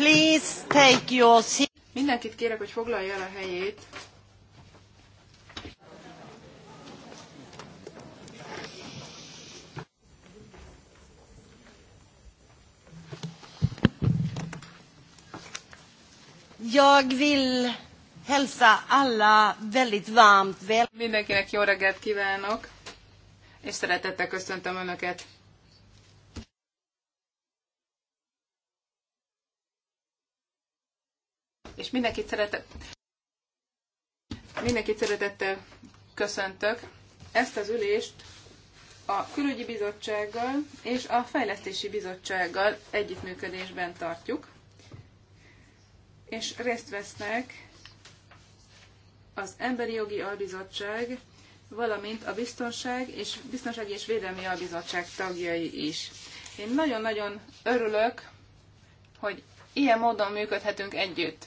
Please take your seat. Mindenkit kérek, hogy foglalja el a helyét. Jag vill hälsa alla väldigt varmt väl. Mindenkinek jó reggelt kívánok, és szeretettel köszöntöm Önöket és mindenkit szeretett, mindenkit szeretettel köszöntök. Ezt az ülést a Külügyi Bizottsággal és a Fejlesztési Bizottsággal együttműködésben tartjuk, és részt vesznek az Emberi Jogi Albizottság, valamint a Biztonság és Biztonsági és Védelmi Albizottság tagjai is. Én nagyon-nagyon örülök, hogy ilyen módon működhetünk együtt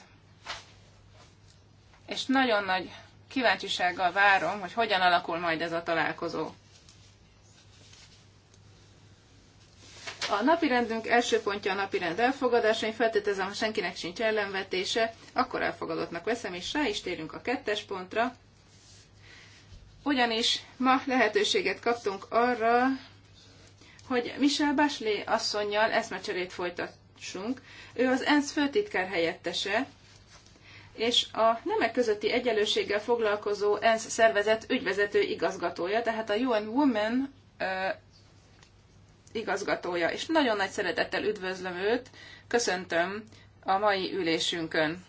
és nagyon nagy kíváncsisággal várom, hogy hogyan alakul majd ez a találkozó. A napirendünk első pontja a napirend elfogadása, én feltételezem, ha senkinek sincs ellenvetése, akkor elfogadottnak veszem, és rá is térünk a kettes pontra. Ugyanis ma lehetőséget kaptunk arra, hogy Michel Baslé asszonynal eszmecserét folytassunk. Ő az ENSZ főtitkár helyettese, és a nemek közötti egyenlőséggel foglalkozó ENSZ szervezet ügyvezető igazgatója, tehát a UN Women ö, igazgatója, és nagyon nagy szeretettel üdvözlöm őt, köszöntöm a mai ülésünkön.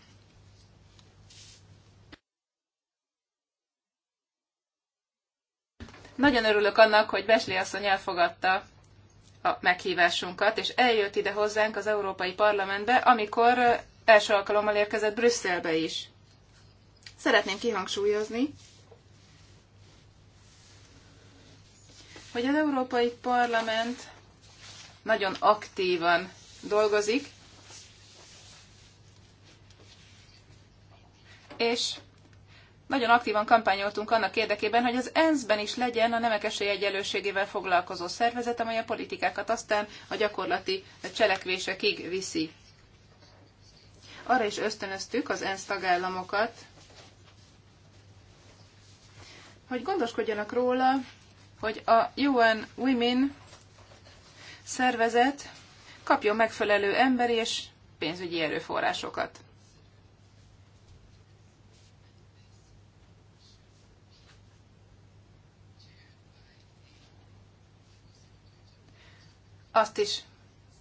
Nagyon örülök annak, hogy Besli asszony elfogadta a meghívásunkat, és eljött ide hozzánk az Európai Parlamentbe, amikor első alkalommal érkezett Brüsszelbe is. Szeretném kihangsúlyozni, hogy az Európai Parlament nagyon aktívan dolgozik, és nagyon aktívan kampányoltunk annak érdekében, hogy az ENSZ-ben is legyen a nemek esélyegyenlőségével foglalkozó szervezet, amely a politikákat aztán a gyakorlati cselekvésekig viszi. Arra is ösztönöztük az ENSZ tagállamokat, hogy gondoskodjanak róla, hogy a UN Women szervezet kapjon megfelelő emberi és pénzügyi erőforrásokat. Azt is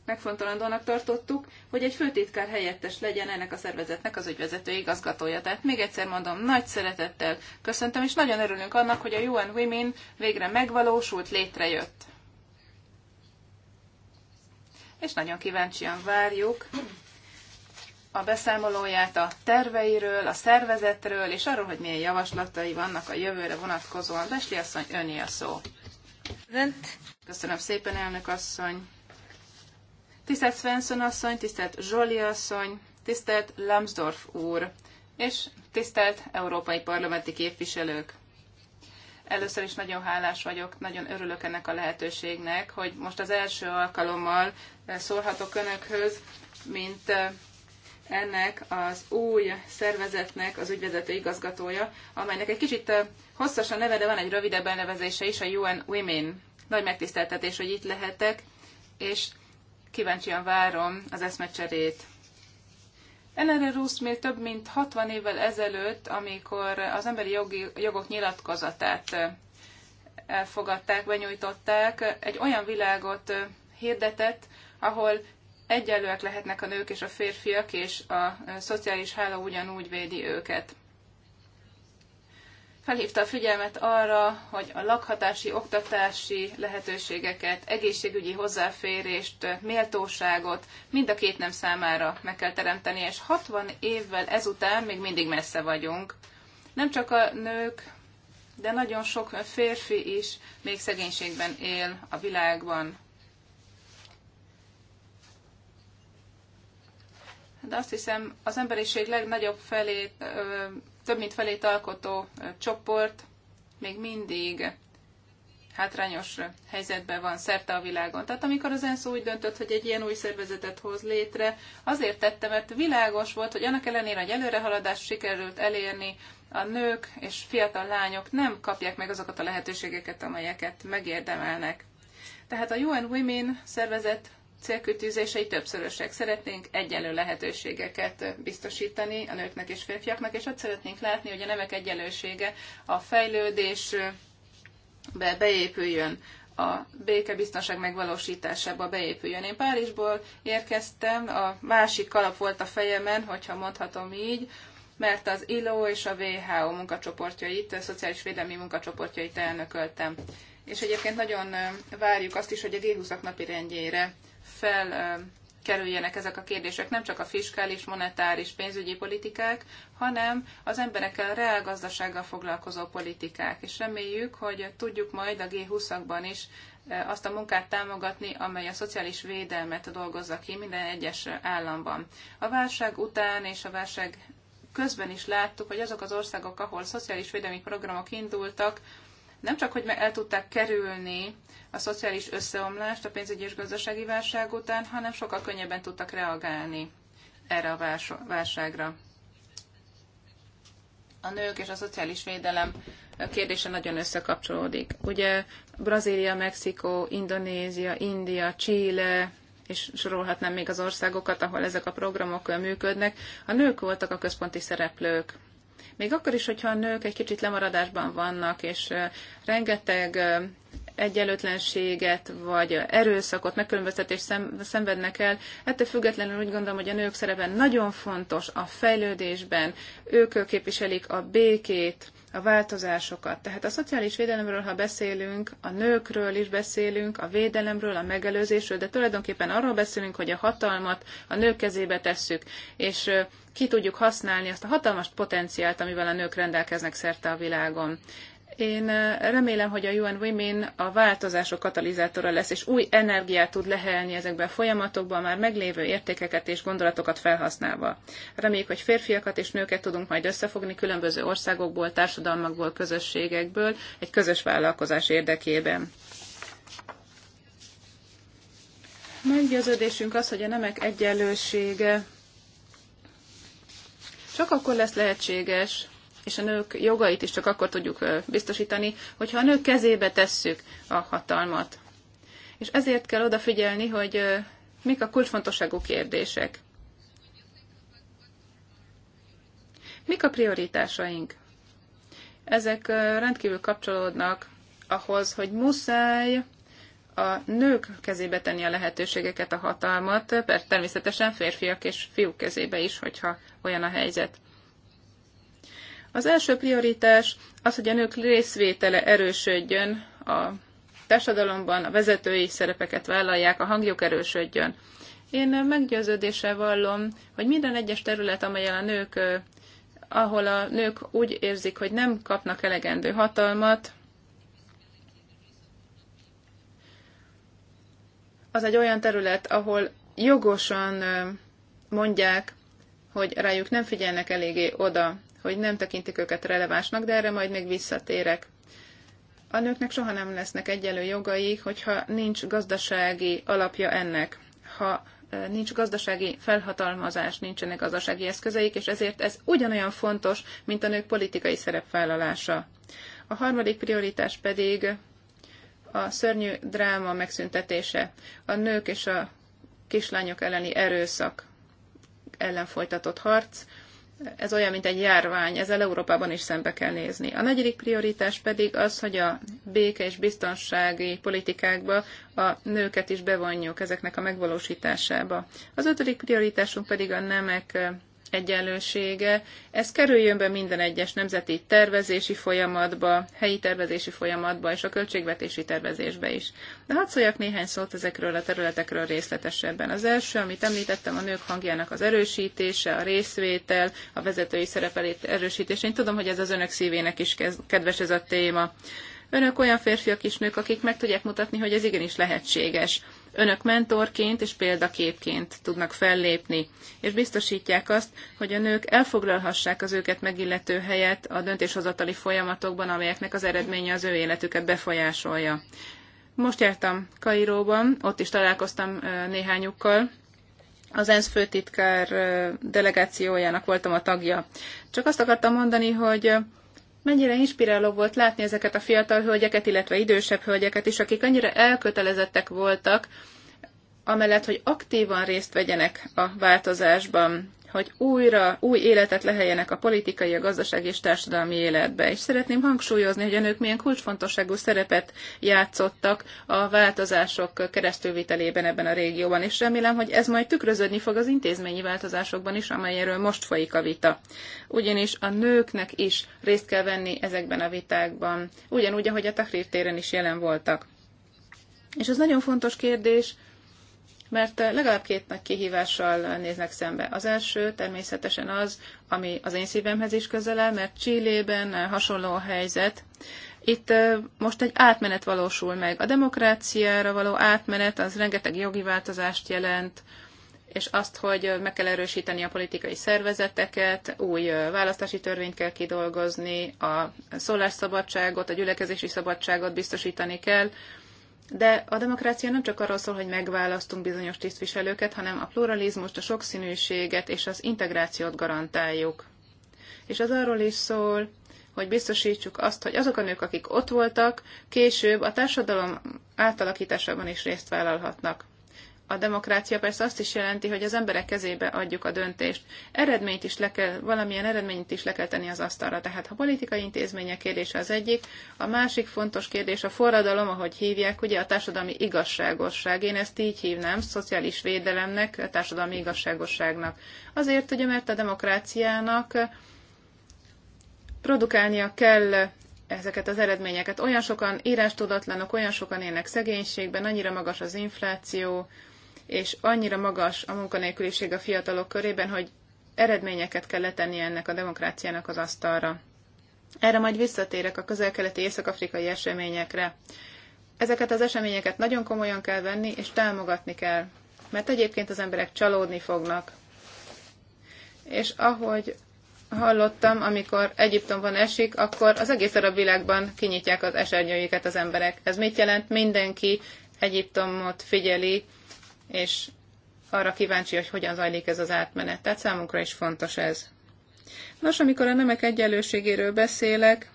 megfontolandónak tartottuk, hogy egy főtitkár helyettes legyen ennek a szervezetnek az ügyvezető igazgatója. Tehát még egyszer mondom, nagy szeretettel köszöntöm, és nagyon örülünk annak, hogy a UN Women végre megvalósult, létrejött. És nagyon kíváncsian várjuk a beszámolóját a terveiről, a szervezetről, és arról, hogy milyen javaslatai vannak a jövőre vonatkozóan. Besli asszony, öné a szó. Köszönöm szépen, elnök asszony. Tisztelt Svensson asszony, tisztelt Zsoli asszony, tisztelt Lambsdorff úr, és tisztelt európai parlamenti képviselők. Először is nagyon hálás vagyok, nagyon örülök ennek a lehetőségnek, hogy most az első alkalommal szólhatok Önökhöz, mint eh, ennek az új szervezetnek az ügyvezető igazgatója, amelynek egy kicsit eh, hosszas a neve, de van egy rövidebb elnevezése is, a UN Women. Nagy megtiszteltetés, hogy itt lehetek, és kíváncsian várom az eszmecserét. Enere Rusz még több mint 60 évvel ezelőtt, amikor az emberi jogi, jogok nyilatkozatát elfogadták, benyújtották, egy olyan világot hirdetett, ahol egyenlőek lehetnek a nők és a férfiak, és a szociális háló ugyanúgy védi őket felhívta a figyelmet arra, hogy a lakhatási, oktatási lehetőségeket, egészségügyi hozzáférést, méltóságot mind a két nem számára meg kell teremteni, és 60 évvel ezután még mindig messze vagyunk. Nem csak a nők, de nagyon sok férfi is még szegénységben él a világban. De azt hiszem, az emberiség legnagyobb felét több mint felét alkotó csoport még mindig hátrányos helyzetben van szerte a világon. Tehát amikor az ENSZ úgy döntött, hogy egy ilyen új szervezetet hoz létre, azért tette, mert világos volt, hogy annak ellenére, hogy előrehaladást sikerült elérni, a nők és fiatal lányok nem kapják meg azokat a lehetőségeket, amelyeket megérdemelnek. Tehát a UN Women szervezet célkütűzései többszörösek. Szeretnénk egyenlő lehetőségeket biztosítani a nőknek és férfiaknak, és azt szeretnénk látni, hogy a nemek egyenlősége a fejlődésbe beépüljön a békebiztonság megvalósításába beépüljön. Én Párizsból érkeztem, a másik kalap volt a fejemen, hogyha mondhatom így, mert az ILO és a WHO munkacsoportjait, a szociális védelmi munkacsoportjait elnököltem. És egyébként nagyon várjuk azt is, hogy a G20-ak napi rendjére felkerüljenek ezek a kérdések, nem csak a fiskális, monetáris, pénzügyi politikák, hanem az emberekkel, reálgazdasággal foglalkozó politikák. És reméljük, hogy tudjuk majd a G20-akban is eh, azt a munkát támogatni, amely a szociális védelmet dolgozza ki minden egyes államban. A válság után és a válság közben is láttuk, hogy azok az országok, ahol szociális védelmi programok indultak, nem csak, hogy el tudták kerülni a szociális összeomlást a pénzügyi és gazdasági válság után, hanem sokkal könnyebben tudtak reagálni erre a válságra. A nők és a szociális védelem kérdése nagyon összekapcsolódik. Ugye Brazília, Mexikó, Indonézia, India, Chile, és sorolhatnám még az országokat, ahol ezek a programok működnek, a nők voltak a központi szereplők még akkor is, hogyha a nők egy kicsit lemaradásban vannak, és rengeteg egyenlőtlenséget, vagy erőszakot, megkülönböztetést szenvednek el. Ettől függetlenül úgy gondolom, hogy a nők szerepe nagyon fontos a fejlődésben, ők képviselik a békét, a változásokat. Tehát a szociális védelemről, ha beszélünk, a nőkről is beszélünk, a védelemről, a megelőzésről, de tulajdonképpen arról beszélünk, hogy a hatalmat a nők kezébe tesszük, és ki tudjuk használni azt a hatalmas potenciált, amivel a nők rendelkeznek szerte a világon. Én remélem, hogy a UN Women a változások katalizátora lesz, és új energiát tud lehelni ezekben a folyamatokban, már meglévő értékeket és gondolatokat felhasználva. Reméljük, hogy férfiakat és nőket tudunk majd összefogni különböző országokból, társadalmakból, közösségekből egy közös vállalkozás érdekében. Meggyőződésünk az, hogy a nemek egyenlősége csak akkor lesz lehetséges, és a nők jogait is csak akkor tudjuk biztosítani, hogyha a nők kezébe tesszük a hatalmat. És ezért kell odafigyelni, hogy mik a kulcsfontosságú kérdések. Mik a prioritásaink? Ezek rendkívül kapcsolódnak ahhoz, hogy muszáj a nők kezébe tenni a lehetőségeket, a hatalmat, persze természetesen férfiak és fiúk kezébe is, hogyha olyan a helyzet. Az első prioritás az, hogy a nők részvétele erősödjön a társadalomban, a vezetői szerepeket vállalják, a hangjuk erősödjön. Én meggyőződéssel vallom, hogy minden egyes terület, amelyen a nők, ahol a nők úgy érzik, hogy nem kapnak elegendő hatalmat, az egy olyan terület, ahol jogosan mondják, hogy rájuk nem figyelnek eléggé oda hogy nem tekintik őket relevánsnak, de erre majd még visszatérek. A nőknek soha nem lesznek egyenlő jogai, hogyha nincs gazdasági alapja ennek. Ha e, nincs gazdasági felhatalmazás, nincsenek gazdasági eszközeik, és ezért ez ugyanolyan fontos, mint a nők politikai szerepvállalása. A harmadik prioritás pedig a szörnyű dráma megszüntetése, a nők és a kislányok elleni erőszak ellen folytatott harc, ez olyan, mint egy járvány, ezzel Európában is szembe kell nézni. A negyedik prioritás pedig az, hogy a béke és biztonsági politikákba a nőket is bevonjuk ezeknek a megvalósításába. Az ötödik prioritásunk pedig a nemek egyenlősége, ez kerüljön be minden egyes nemzeti tervezési folyamatba, helyi tervezési folyamatba és a költségvetési tervezésbe is. De hadd szóljak néhány szót ezekről a területekről részletesebben. Az első, amit említettem, a nők hangjának az erősítése, a részvétel, a vezetői szerepelét erősítése. Én tudom, hogy ez az önök szívének is kedves ez a téma. Önök olyan férfiak és nők, akik meg tudják mutatni, hogy ez igenis lehetséges Önök mentorként és példaképként tudnak fellépni, és biztosítják azt, hogy a nők elfoglalhassák az őket megillető helyet a döntéshozatali folyamatokban, amelyeknek az eredménye az ő életüket befolyásolja. Most jártam Kairóban, ott is találkoztam néhányukkal, az ENSZ főtitkár delegációjának voltam a tagja. Csak azt akartam mondani, hogy mennyire inspiráló volt látni ezeket a fiatal hölgyeket, illetve idősebb hölgyeket is, akik annyira elkötelezettek voltak, amellett, hogy aktívan részt vegyenek a változásban hogy újra új életet leheljenek a politikai, a gazdasági és társadalmi életbe. És szeretném hangsúlyozni, hogy a nők milyen kulcsfontosságú szerepet játszottak a változások keresztülvitelében ebben a régióban, és remélem, hogy ez majd tükröződni fog az intézményi változásokban is, amelyről most folyik a vita. Ugyanis a nőknek is részt kell venni ezekben a vitákban, ugyanúgy, ahogy a Tahrir téren is jelen voltak. És az nagyon fontos kérdés, mert legalább két nagy kihívással néznek szembe. Az első természetesen az, ami az én szívemhez is közel mert Csillében hasonló a helyzet. Itt most egy átmenet valósul meg. A demokráciára való átmenet az rengeteg jogi változást jelent, és azt, hogy meg kell erősíteni a politikai szervezeteket, új választási törvényt kell kidolgozni, a szólásszabadságot, a gyülekezési szabadságot biztosítani kell, de a demokrácia nem csak arról szól, hogy megválasztunk bizonyos tisztviselőket, hanem a pluralizmust, a sokszínűséget és az integrációt garantáljuk. És az arról is szól, hogy biztosítsuk azt, hogy azok a nők, akik ott voltak, később a társadalom átalakításában is részt vállalhatnak a demokrácia persze azt is jelenti, hogy az emberek kezébe adjuk a döntést. Eredményt is le kell, valamilyen eredményt is le kell tenni az asztalra. Tehát a politikai intézmények kérdése az egyik, a másik fontos kérdés a forradalom, ahogy hívják, ugye a társadalmi igazságosság. Én ezt így hívnám, szociális védelemnek, a társadalmi igazságosságnak. Azért, ugye, mert a demokráciának produkálnia kell ezeket az eredményeket. Olyan sokan írástudatlanok, olyan sokan élnek szegénységben, annyira magas az infláció, és annyira magas a munkanélküliség a fiatalok körében, hogy eredményeket kell letenni ennek a demokráciának az asztalra. Erre majd visszatérek a közel-keleti észak-afrikai eseményekre. Ezeket az eseményeket nagyon komolyan kell venni, és támogatni kell, mert egyébként az emberek csalódni fognak. És ahogy hallottam, amikor Egyiptomban esik, akkor az egész arab világban kinyitják az esernyőjüket az emberek. Ez mit jelent? Mindenki Egyiptomot figyeli, és arra kíváncsi, hogy hogyan zajlik ez az átmenet. Tehát számunkra is fontos ez. Nos, amikor a nemek egyenlőségéről beszélek,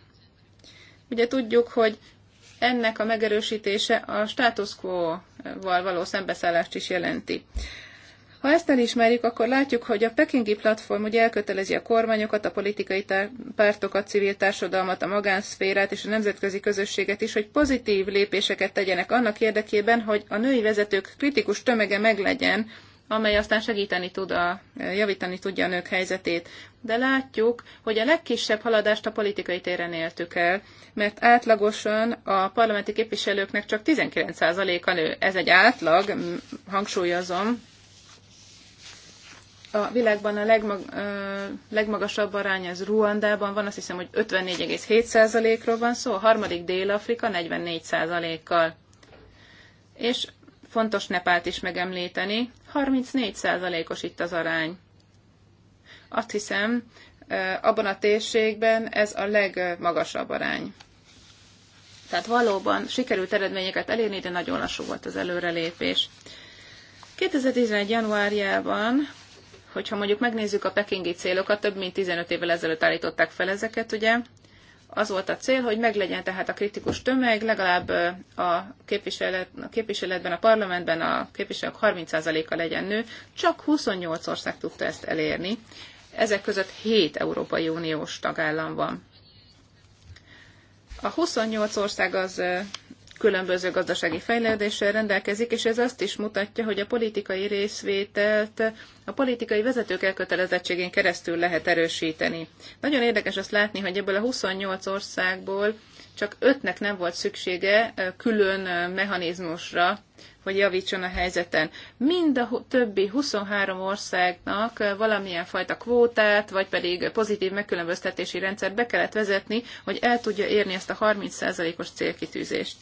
ugye tudjuk, hogy ennek a megerősítése a status quo-val való szembeszállást is jelenti. Ha ezt elismerjük, akkor látjuk, hogy a pekingi platform ugye elkötelezi a kormányokat, a politikai pártokat, civil társadalmat, a magánszférát és a nemzetközi közösséget is, hogy pozitív lépéseket tegyenek annak érdekében, hogy a női vezetők kritikus tömege meglegyen, amely aztán segíteni tud, a, javítani tudja a nők helyzetét. De látjuk, hogy a legkisebb haladást a politikai téren éltük el, mert átlagosan a parlamenti képviselőknek csak 19% a nő. Ez egy átlag, hangsúlyozom, a világban a legmag, ö, legmagasabb arány az Ruandában van, azt hiszem, hogy 54,7%-ról van szó, a harmadik Dél-Afrika 44%-kal. És fontos Nepált is megemlíteni, 34%-os itt az arány. Azt hiszem, abban a térségben ez a legmagasabb arány. Tehát valóban sikerült eredményeket elérni, de nagyon lassú volt az előrelépés. 2011. januárjában Hogyha mondjuk megnézzük a pekingi célokat, több mint 15 évvel ezelőtt állították fel ezeket, ugye? Az volt a cél, hogy meglegyen tehát a kritikus tömeg, legalább a, képviselet, a képviseletben, a parlamentben a képviselők 30%-a legyen nő. Csak 28 ország tudta ezt elérni. Ezek között 7 Európai Uniós tagállam van. A 28 ország az különböző gazdasági fejlődéssel rendelkezik, és ez azt is mutatja, hogy a politikai részvételt a politikai vezetők elkötelezettségén keresztül lehet erősíteni. Nagyon érdekes azt látni, hogy ebből a 28 országból csak ötnek nem volt szüksége külön mechanizmusra, hogy javítson a helyzeten. Mind a többi 23 országnak valamilyen fajta kvótát, vagy pedig pozitív megkülönböztetési rendszert be kellett vezetni, hogy el tudja érni ezt a 30%-os célkitűzést.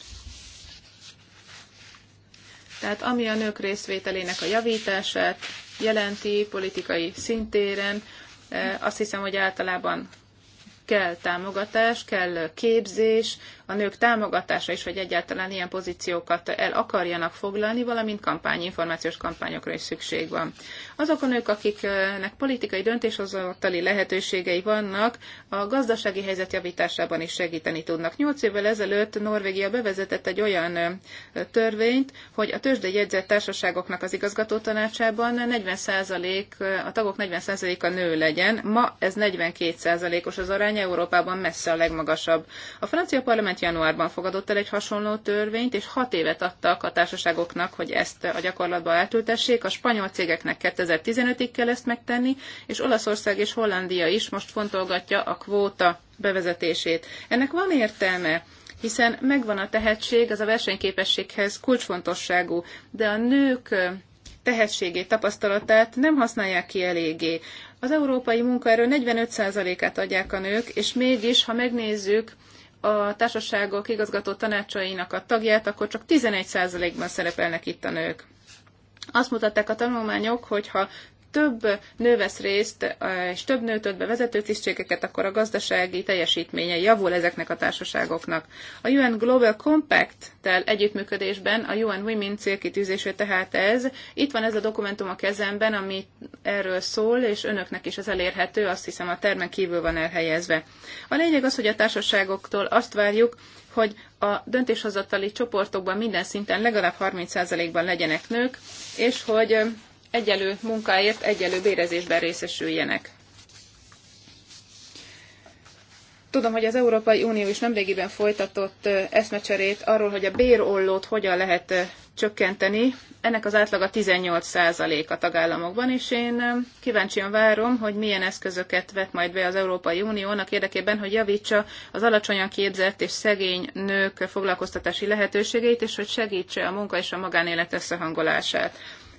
Tehát ami a nők részvételének a javítását jelenti politikai szintéren, eh, azt hiszem, hogy általában kell támogatás, kell képzés, a nők támogatása is, hogy egyáltalán ilyen pozíciókat el akarjanak foglalni, valamint kampány, információs kampányokra is szükség van. Azok a nők, akiknek politikai döntéshozatali lehetőségei vannak, a gazdasági helyzet javításában is segíteni tudnak. Nyolc évvel ezelőtt Norvégia bevezetett egy olyan törvényt, hogy a tőzsdei jegyzett társaságoknak az igazgató tanácsában 40% a tagok 40%-a nő legyen. Ma ez 42%-os az arány, aránya Európában messze a legmagasabb. A francia parlament januárban fogadott el egy hasonló törvényt, és hat évet adtak a társaságoknak, hogy ezt a gyakorlatba átültessék. A spanyol cégeknek 2015-ig kell ezt megtenni, és Olaszország és Hollandia is most fontolgatja a kvóta bevezetését. Ennek van értelme, hiszen megvan a tehetség, az a versenyképességhez kulcsfontosságú, de a nők eh, tehetségét, tapasztalatát nem használják ki eléggé. Az európai munkaerő 45%-át adják a nők, és mégis, ha megnézzük a társaságok igazgató tanácsainak a tagját, akkor csak 11%-ban szerepelnek itt a nők. Azt mutatták a tanulmányok, hogy ha több nő vesz részt, és több nő tölt be vezető tisztségeket, akkor a gazdasági teljesítménye javul ezeknek a társaságoknak. A UN Global Compact-tel együttműködésben a UN Women célkitűzése tehát ez. Itt van ez a dokumentum a kezemben, ami erről szól, és önöknek is ez elérhető, azt hiszem a termen kívül van elhelyezve. A lényeg az, hogy a társaságoktól azt várjuk, hogy a döntéshozatali csoportokban minden szinten legalább 30%-ban legyenek nők, és hogy egyelő munkáért egyelő bérezésben részesüljenek. Tudom, hogy az Európai Unió is nemrégiben folytatott eszmecserét arról, hogy a bérollót hogyan lehet csökkenteni. Ennek az átlaga 18% a tagállamokban, és én kíváncsian várom, hogy milyen eszközöket vet majd be az Európai Unió annak érdekében, hogy javítsa az alacsonyan képzett és szegény nők foglalkoztatási lehetőségeit, és hogy segítse a munka és a magánélet összehangolását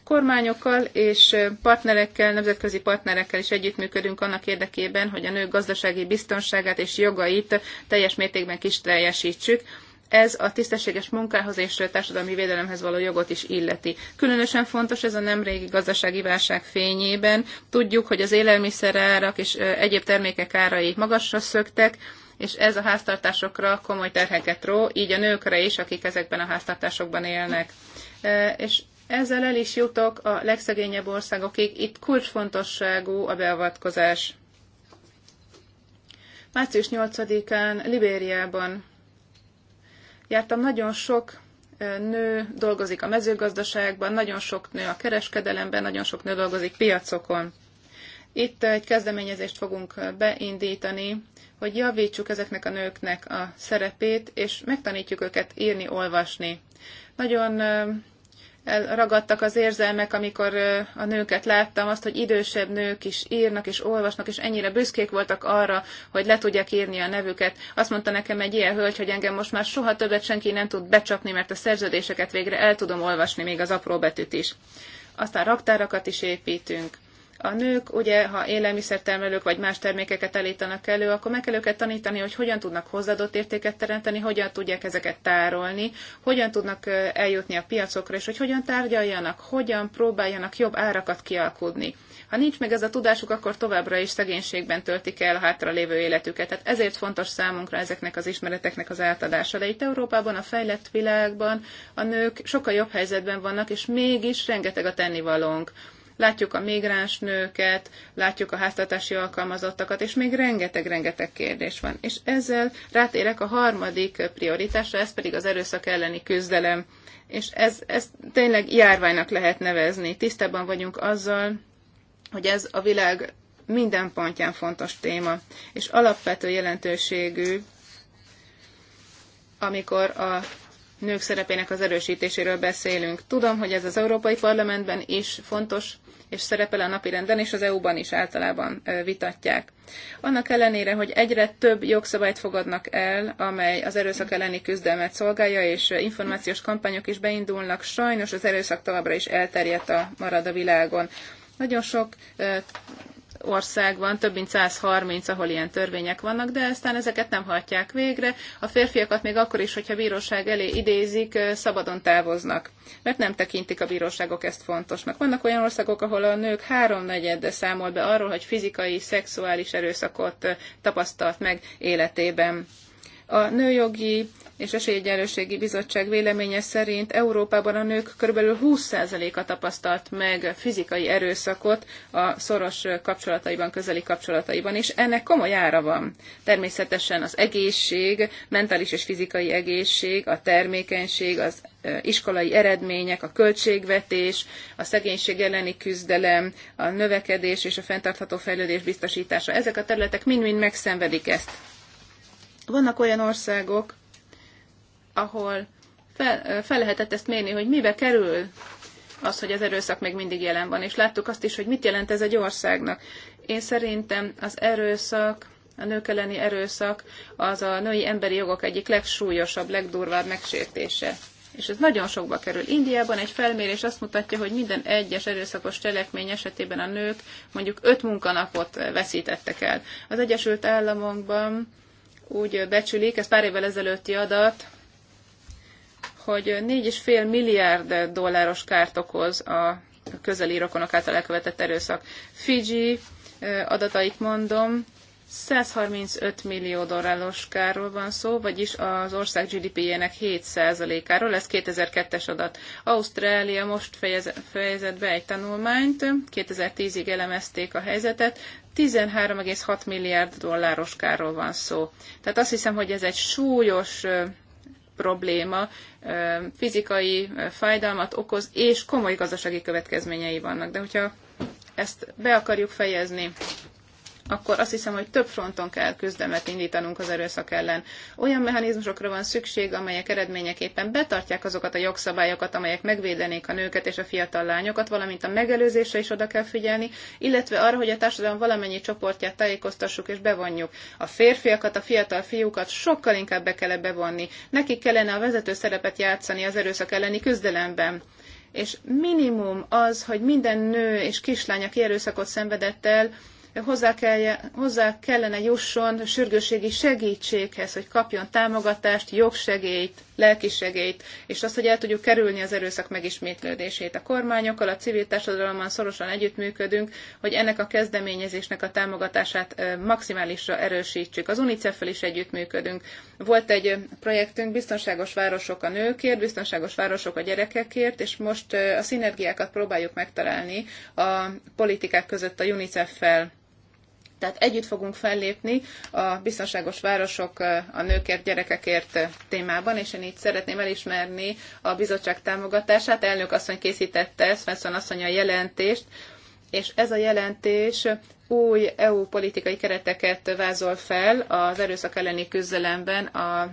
kormányokkal és partnerekkel, nemzetközi partnerekkel is együttműködünk annak érdekében, hogy a nők gazdasági biztonságát és jogait teljes mértékben kis teljesítsük ez a tisztességes munkához és társadalmi védelemhez való jogot is illeti. Különösen fontos ez a nemrégi gazdasági válság fényében. Tudjuk, hogy az élelmiszerárak és egyéb termékek árai magasra szöktek, és ez a háztartásokra komoly terheket ró, így a nőkre is, akik ezekben a háztartásokban élnek. És ezzel el is jutok a legszegényebb országokig, itt kulcsfontosságú a beavatkozás. Március 8-án Libériában jártam, nagyon sok nő dolgozik a mezőgazdaságban, nagyon sok nő a kereskedelemben, nagyon sok nő dolgozik piacokon. Itt egy kezdeményezést fogunk beindítani, hogy javítsuk ezeknek a nőknek a szerepét, és megtanítjuk őket írni, olvasni. Nagyon elragadtak az érzelmek, amikor a nőket láttam, azt, hogy idősebb nők is írnak és olvasnak, és ennyire büszkék voltak arra, hogy le tudják írni a nevüket. Azt mondta nekem egy ilyen hölgy, hogy engem most már soha többet senki nem tud becsapni, mert a szerződéseket végre el tudom olvasni, még az apró betűt is. Aztán raktárakat is építünk a nők, ugye, ha élelmiszertermelők vagy más termékeket elítanak elő, akkor meg kell őket tanítani, hogy hogyan tudnak hozzáadott értéket teremteni, hogyan tudják ezeket tárolni, hogyan tudnak eljutni a piacokra, és hogy hogyan tárgyaljanak, hogyan próbáljanak jobb árakat kialkudni. Ha nincs meg ez a tudásuk, akkor továbbra is szegénységben töltik el a hátralévő életüket. Tehát ezért fontos számunkra ezeknek az ismereteknek az átadása. De itt Európában, a fejlett világban a nők sokkal jobb helyzetben vannak, és mégis rengeteg a tennivalónk Látjuk a migráns nőket, látjuk a háztartási alkalmazottakat, és még rengeteg-rengeteg kérdés van. És ezzel rátérek a harmadik prioritásra, ez pedig az erőszak elleni küzdelem. És ez, ez tényleg járványnak lehet nevezni. Tisztában vagyunk azzal, hogy ez a világ minden pontján fontos téma, és alapvető jelentőségű, amikor a nők szerepének az erősítéséről beszélünk. Tudom, hogy ez az Európai Parlamentben is fontos és szerepel a napirenden, és az EU-ban is általában vitatják. Annak ellenére, hogy egyre több jogszabályt fogadnak el, amely az erőszak elleni küzdelmet szolgálja, és információs kampányok is beindulnak, sajnos az erőszak továbbra is elterjedt a marad a világon. Nagyon sok ország van, több mint 130, ahol ilyen törvények vannak, de aztán ezeket nem hajtják végre. A férfiakat még akkor is, hogyha bíróság elé idézik, szabadon távoznak, mert nem tekintik a bíróságok ezt fontosnak. Vannak olyan országok, ahol a nők háromnegyed számol be arról, hogy fizikai, szexuális erőszakot tapasztalt meg életében. A nőjogi és Esélyegyenlőségi Bizottság véleménye szerint Európában a nők kb. 20%-a tapasztalt meg fizikai erőszakot a szoros kapcsolataiban, közeli kapcsolataiban, és ennek komoly ára van. Természetesen az egészség, mentális és fizikai egészség, a termékenység, az iskolai eredmények, a költségvetés, a szegénység elleni küzdelem, a növekedés és a fenntartható fejlődés biztosítása. Ezek a területek mind-mind megszenvedik ezt. Vannak olyan országok, ahol fel, fel lehetett ezt mérni, hogy mibe kerül az, hogy az erőszak még mindig jelen van. És láttuk azt is, hogy mit jelent ez egy országnak. Én szerintem az erőszak, a nők elleni erőszak az a női emberi jogok egyik legsúlyosabb, legdurvább megsértése. És ez nagyon sokba kerül. Indiában egy felmérés azt mutatja, hogy minden egyes erőszakos cselekmény esetében a nők mondjuk öt munkanapot veszítettek el. Az Egyesült Államokban úgy becsülik, ez pár évvel ezelőtti adat, hogy 4,5 milliárd dolláros kárt okoz a közeli rokonok által elkövetett erőszak. Fiji eh, adatait mondom, 135 millió dolláros kárról van szó, vagyis az ország GDP-jének 7%-áról, ez 2002-es adat. Ausztrália most fejez, fejezett be egy tanulmányt, 2010-ig elemezték a helyzetet, 13,6 milliárd dolláros kárról van szó. Tehát azt hiszem, hogy ez egy súlyos probléma, fizikai fájdalmat okoz, és komoly gazdasági következményei vannak. De hogyha ezt be akarjuk fejezni, akkor azt hiszem, hogy több fronton kell küzdemet indítanunk az erőszak ellen. Olyan mechanizmusokra van szükség, amelyek eredményeképpen betartják azokat a jogszabályokat, amelyek megvédenék a nőket és a fiatal lányokat, valamint a megelőzésre is oda kell figyelni, illetve arra, hogy a társadalom valamennyi csoportját tájékoztassuk és bevonjuk. A férfiakat, a fiatal fiúkat sokkal inkább be kell bevonni. Nekik kellene a vezető szerepet játszani az erőszak elleni küzdelemben és minimum az, hogy minden nő és kislány, aki erőszakot szenvedett el, hozzá, kell, hozzá kellene jusson sürgőségi segítséghez, hogy kapjon támogatást, jogsegélyt, lelkisegélyt, és azt, hogy el tudjuk kerülni az erőszak megismétlődését. A kormányokkal, a civil társadalommal szorosan együttműködünk, hogy ennek a kezdeményezésnek a támogatását maximálisra erősítsük. Az UNICEF-fel is együttműködünk. Volt egy projektünk, biztonságos városok a nőkért, biztonságos városok a gyerekekért, és most a szinergiákat próbáljuk megtalálni a politikák között a UNICEF-fel tehát együtt fogunk fellépni a biztonságos városok a nőkért, gyerekekért témában, és én így szeretném elismerni a bizottság támogatását. Elnök asszony készítette, Svensson asszony a jelentést, és ez a jelentés új EU politikai kereteket vázol fel az erőszak elleni küzdelemben, a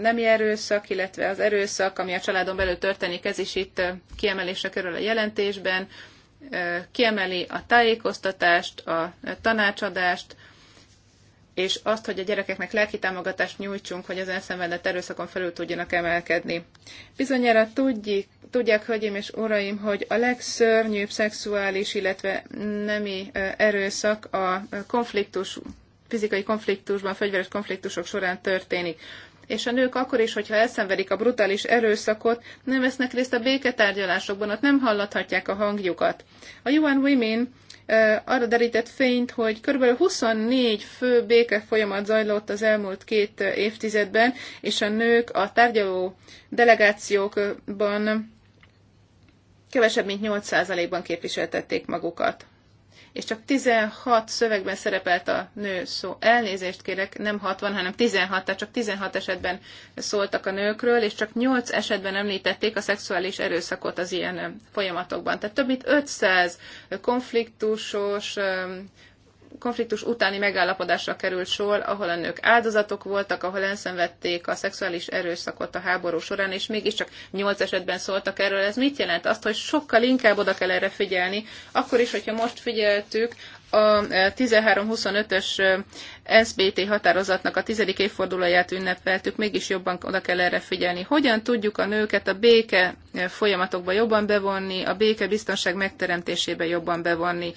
nemi erőszak, illetve az erőszak, ami a családon belül történik, ez is itt kiemelésre kerül a jelentésben, kiemeli a tájékoztatást, a tanácsadást, és azt, hogy a gyerekeknek lelki támogatást nyújtsunk, hogy az elszenvedett erőszakon felül tudjanak emelkedni. Bizonyára tudjik, tudják, hölgyeim és uraim, hogy a legszörnyűbb szexuális, illetve nemi erőszak a konfliktus, fizikai konfliktusban, fegyveres konfliktusok során történik és a nők akkor is, hogyha elszenvedik a brutális erőszakot, nem vesznek részt a béketárgyalásokban, ott nem hallathatják a hangjukat. A UN Women arra derített fényt, hogy kb. 24 fő béke folyamat zajlott az elmúlt két évtizedben, és a nők a tárgyaló delegációkban kevesebb mint 8%-ban képviseltették magukat és csak 16 szövegben szerepelt a nő szó. Elnézést kérek, nem 60, hanem 16, tehát csak 16 esetben szóltak a nőkről, és csak 8 esetben említették a szexuális erőszakot az ilyen folyamatokban. Tehát több mint 500 konfliktusos konfliktus utáni megállapodásra került sor, ahol a nők áldozatok voltak, ahol elszenvedték a szexuális erőszakot a háború során, és mégiscsak nyolc esetben szóltak erről. Ez mit jelent? Azt, hogy sokkal inkább oda kell erre figyelni, akkor is, hogyha most figyeltük a 13-25-ös e, e, SBT határozatnak a tizedik évfordulóját ünnepeltük, mégis jobban oda kell erre figyelni. Hogyan tudjuk a nőket a béke e, folyamatokba jobban bevonni, a béke biztonság megteremtésébe jobban bevonni?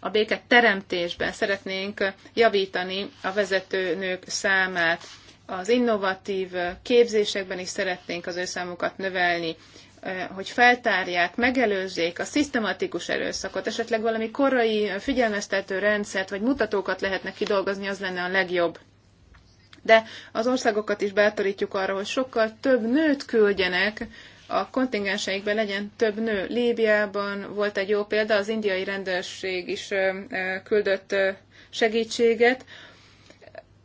a béke teremtésben szeretnénk javítani a vezetőnők számát. Az innovatív képzésekben is szeretnénk az ő számukat növelni, eh, hogy feltárják, megelőzzék a szisztematikus erőszakot, esetleg valami korai figyelmeztető rendszert vagy mutatókat lehetne kidolgozni, az lenne a legjobb. De az országokat is bátorítjuk arra, hogy sokkal több nőt küldjenek a kontingenseikben legyen több nő. Líbiában volt egy jó példa, az indiai rendőrség is küldött segítséget,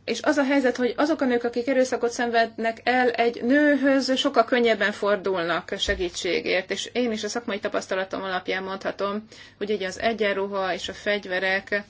és az a helyzet, hogy azok a nők, akik erőszakot szenvednek el, egy nőhöz sokkal könnyebben fordulnak segítségért, és én is a szakmai tapasztalatom alapján mondhatom, hogy egy az egyenruha és a fegyverek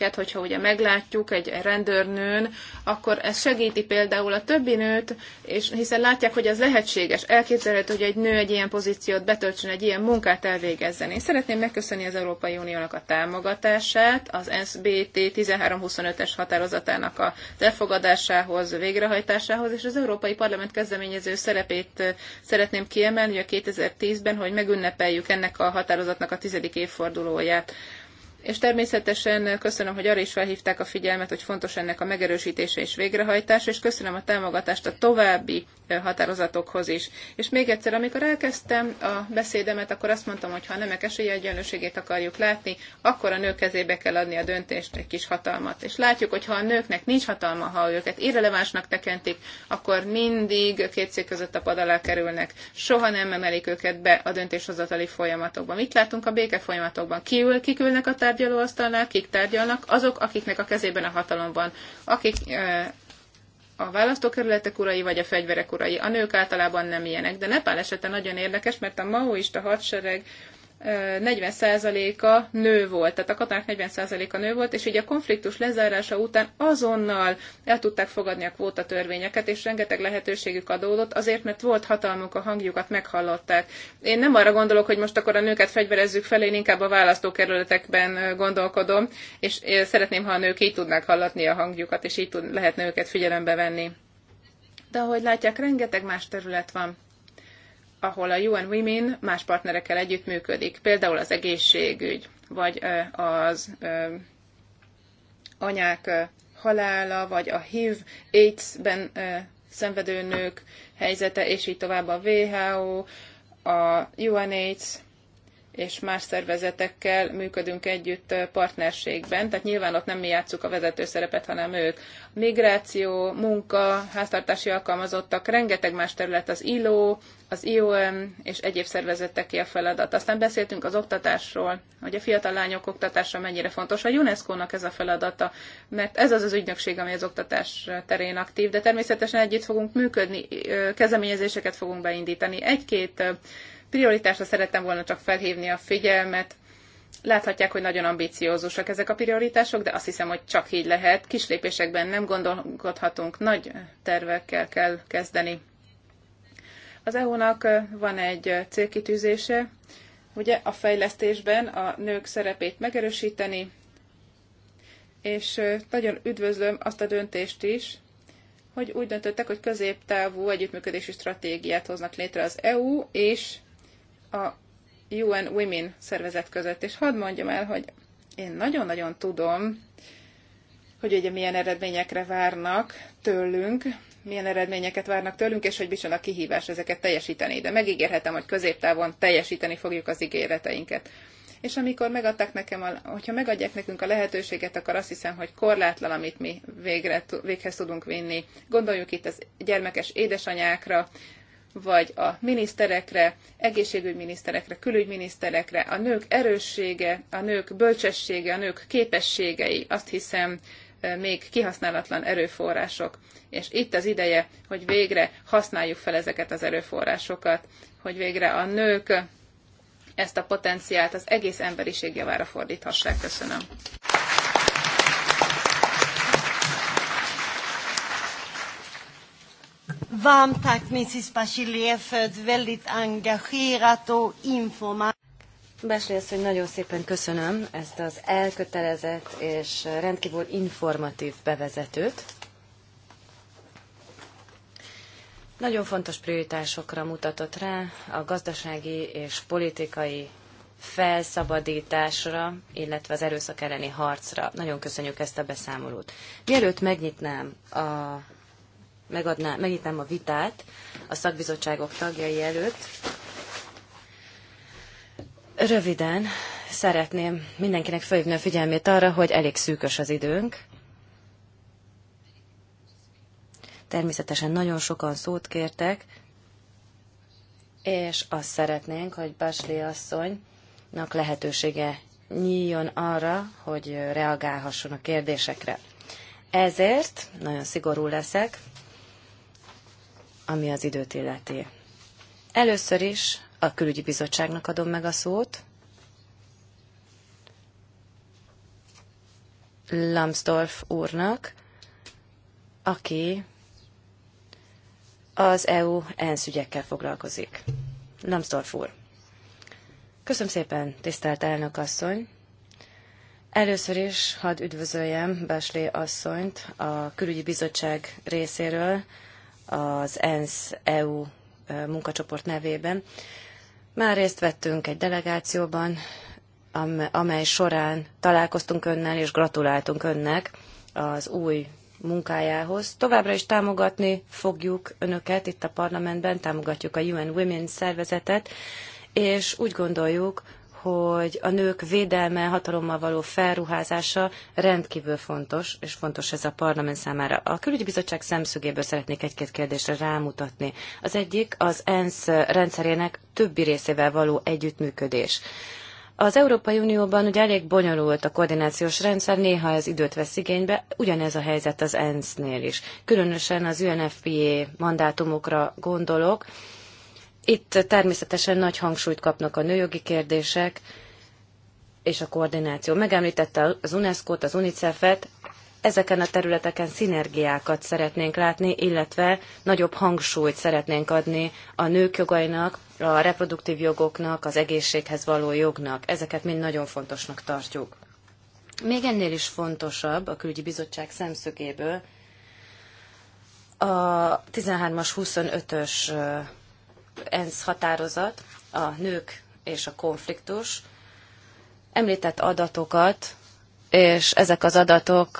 őket, hogyha ugye meglátjuk egy rendőrnőn, akkor ez segíti például a többi nőt, és hiszen látják, hogy ez lehetséges. Elképzelhető, hogy egy nő egy ilyen pozíciót betöltsön, egy ilyen munkát elvégezzen. Én szeretném megköszönni az Európai Uniónak a támogatását, az SBT 1325-es határozatának az elfogadásához, végrehajtásához, és az Európai Parlament kezdeményező szerepét szeretném kiemelni, hogy a 2010-ben, hogy megünnepeljük ennek a határozatnak a tizedik évfordulóját. És természetesen köszönöm, hogy arra is felhívták a figyelmet, hogy fontos ennek a megerősítése és végrehajtás, és köszönöm a támogatást a további határozatokhoz is. És még egyszer, amikor elkezdtem a beszédemet, akkor azt mondtam, hogy ha a nemek esélyegyenlőségét akarjuk látni, akkor a nők kezébe kell adni a döntést, egy kis hatalmat. És látjuk, hogy ha a nőknek nincs hatalma, ha őket irrelevánsnak tekintik, akkor mindig két szék között a pad alá kerülnek. Soha nem emelik őket be a döntéshozatali folyamatokba. Mit látunk a béke folyamatokban? Kiül, kikülnek a tárgy tárgyalóasztalnál kik tárgyalnak? Azok, akiknek a kezében a hatalom van, akik a választókerületek urai vagy a fegyverek urai. A nők általában nem ilyenek, de Nepál esete nagyon érdekes, mert a maoista hadsereg 40%-a nő volt, tehát a katonák 40%-a nő volt, és így a konfliktus lezárása után azonnal el tudták fogadni a kvóta törvényeket, és rengeteg lehetőségük adódott, azért, mert volt hatalmuk, a hangjukat meghallották. Én nem arra gondolok, hogy most akkor a nőket fegyverezzük fel, én inkább a választókerületekben gondolkodom, és szeretném, ha a nők így tudnák hallatni a hangjukat, és így tud, lehetne őket figyelembe venni. De ahogy látják, rengeteg más terület van ahol a UN Women más partnerekkel együttműködik, például az egészségügy, vagy az anyák halála, vagy a HIV, AIDS-ben szenvedő nők helyzete, és így tovább a WHO, a UNAIDS, és más szervezetekkel működünk együtt partnerségben, tehát nyilván ott nem mi játszuk a vezető szerepet, hanem ők. Migráció, munka, háztartási alkalmazottak, rengeteg más terület, az ILO, az IOM és egyéb szervezeteké a feladat. Aztán beszéltünk az oktatásról, hogy a fiatal lányok oktatása mennyire fontos. A UNESCO-nak ez a feladata, mert ez az az ügynökség, ami az oktatás terén aktív, de természetesen együtt fogunk működni, kezdeményezéseket fogunk beindítani. Egy-két Prioritásra szerettem volna csak felhívni a figyelmet. Láthatják, hogy nagyon ambiciózusak ezek a prioritások, de azt hiszem, hogy csak így lehet. Kis lépésekben nem gondolkodhatunk, nagy tervekkel kell kezdeni. Az EU-nak van egy célkitűzése, ugye a fejlesztésben a nők szerepét megerősíteni, és nagyon üdvözlöm azt a döntést is, hogy úgy döntöttek, hogy középtávú együttműködési stratégiát hoznak létre az EU és a UN Women szervezet között. És hadd mondjam el, hogy én nagyon-nagyon tudom, hogy ugye milyen eredményekre várnak tőlünk, milyen eredményeket várnak tőlünk, és hogy a kihívás ezeket teljesíteni. De megígérhetem, hogy középtávon teljesíteni fogjuk az ígéreteinket. És amikor megadták nekem, a, hogyha megadják nekünk a lehetőséget, akkor azt hiszem, hogy korlátlan, amit mi végre, véghez tudunk vinni. Gondoljuk itt az gyermekes édesanyákra, vagy a miniszterekre, egészségügyminiszterekre, külügyminiszterekre, a nők erőssége, a nők bölcsessége, a nők képességei, azt hiszem eh, még kihasználatlan erőforrások. És itt az ideje, hogy végre használjuk fel ezeket az erőforrásokat, hogy végre a nők ezt a potenciált az egész emberiség javára fordíthassák. Köszönöm. Varmt tack Mrs Bachelet, för ett väldigt engagerat och informativt Beszélsz, hogy nagyon szépen köszönöm ezt az elkötelezett és rendkívül informatív bevezetőt. Nagyon fontos prioritásokra mutatott rá a gazdasági és politikai felszabadításra, illetve az erőszak elleni harcra. Nagyon köszönjük ezt a beszámolót. Mielőtt megnyitnám a megadná, megnyitnám a vitát a szakbizottságok tagjai előtt. Röviden szeretném mindenkinek felhívni a figyelmét arra, hogy elég szűkös az időnk. Természetesen nagyon sokan szót kértek, és azt szeretnénk, hogy Basli asszonynak lehetősége nyíljon arra, hogy reagálhasson a kérdésekre. Ezért nagyon szigorú leszek, ami az időt illeti. Először is a külügyi bizottságnak adom meg a szót. Lambsdorff úrnak, aki az EU ENSZ ügyekkel foglalkozik. Lambsdorff úr. Köszönöm szépen, tisztelt elnök asszony. Először is hadd üdvözöljem Beslé asszonyt a külügyi bizottság részéről, az ENSZ-EU munkacsoport nevében. Már részt vettünk egy delegációban, amely során találkoztunk önnel és gratuláltunk önnek az új munkájához. Továbbra is támogatni fogjuk önöket itt a parlamentben, támogatjuk a UN Women szervezetet, és úgy gondoljuk, hogy a nők védelme, hatalommal való felruházása rendkívül fontos, és fontos ez a parlament számára. A külügyi bizottság szemszögéből szeretnék egy-két kérdésre rámutatni. Az egyik az ENSZ rendszerének többi részével való együttműködés. Az Európai Unióban ugye elég bonyolult a koordinációs rendszer, néha ez időt vesz igénybe, ugyanez a helyzet az ENSZ-nél is. Különösen az UNFPA mandátumokra gondolok, itt természetesen nagy hangsúlyt kapnak a nőjogi kérdések és a koordináció. Megemlítette az UNESCO-t, az UNICEF-et, ezeken a területeken szinergiákat szeretnénk látni, illetve nagyobb hangsúlyt szeretnénk adni a nők jogainak, a reproduktív jogoknak, az egészséghez való jognak. Ezeket mind nagyon fontosnak tartjuk. Még ennél is fontosabb a külügyi bizottság szemszögéből a 13-as 25-ös ENSZ határozat, a nők és a konfliktus, említett adatokat, és ezek az adatok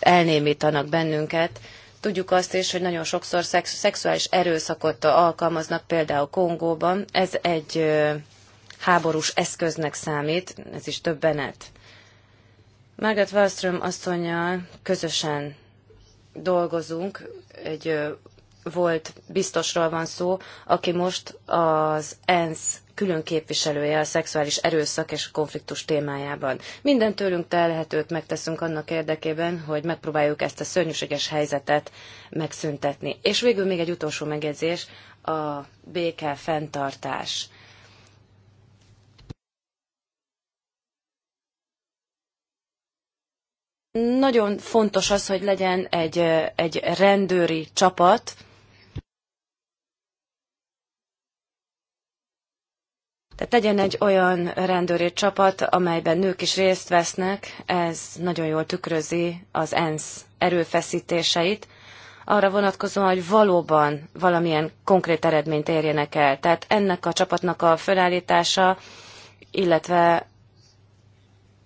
elnémítanak bennünket. Tudjuk azt is, hogy nagyon sokszor szex, szexuális erőszakot alkalmaznak, például Kongóban. Ez egy háborús eszköznek számít, ez is többenet. Margaret Wallström asszonyjal közösen dolgozunk egy volt biztosról van szó, aki most az ENSZ külön képviselője a szexuális erőszak és konfliktus témájában. Minden tőlünk telhetőt megteszünk annak érdekében, hogy megpróbáljuk ezt a szörnyűséges helyzetet megszüntetni. És végül még egy utolsó megjegyzés, a béke fenntartás. Nagyon fontos az, hogy legyen egy, egy rendőri csapat, Tehát legyen egy olyan rendőri csapat, amelyben nők is részt vesznek, ez nagyon jól tükrözi az ENSZ erőfeszítéseit, arra vonatkozóan, hogy valóban valamilyen konkrét eredményt érjenek el. Tehát ennek a csapatnak a felállítása, illetve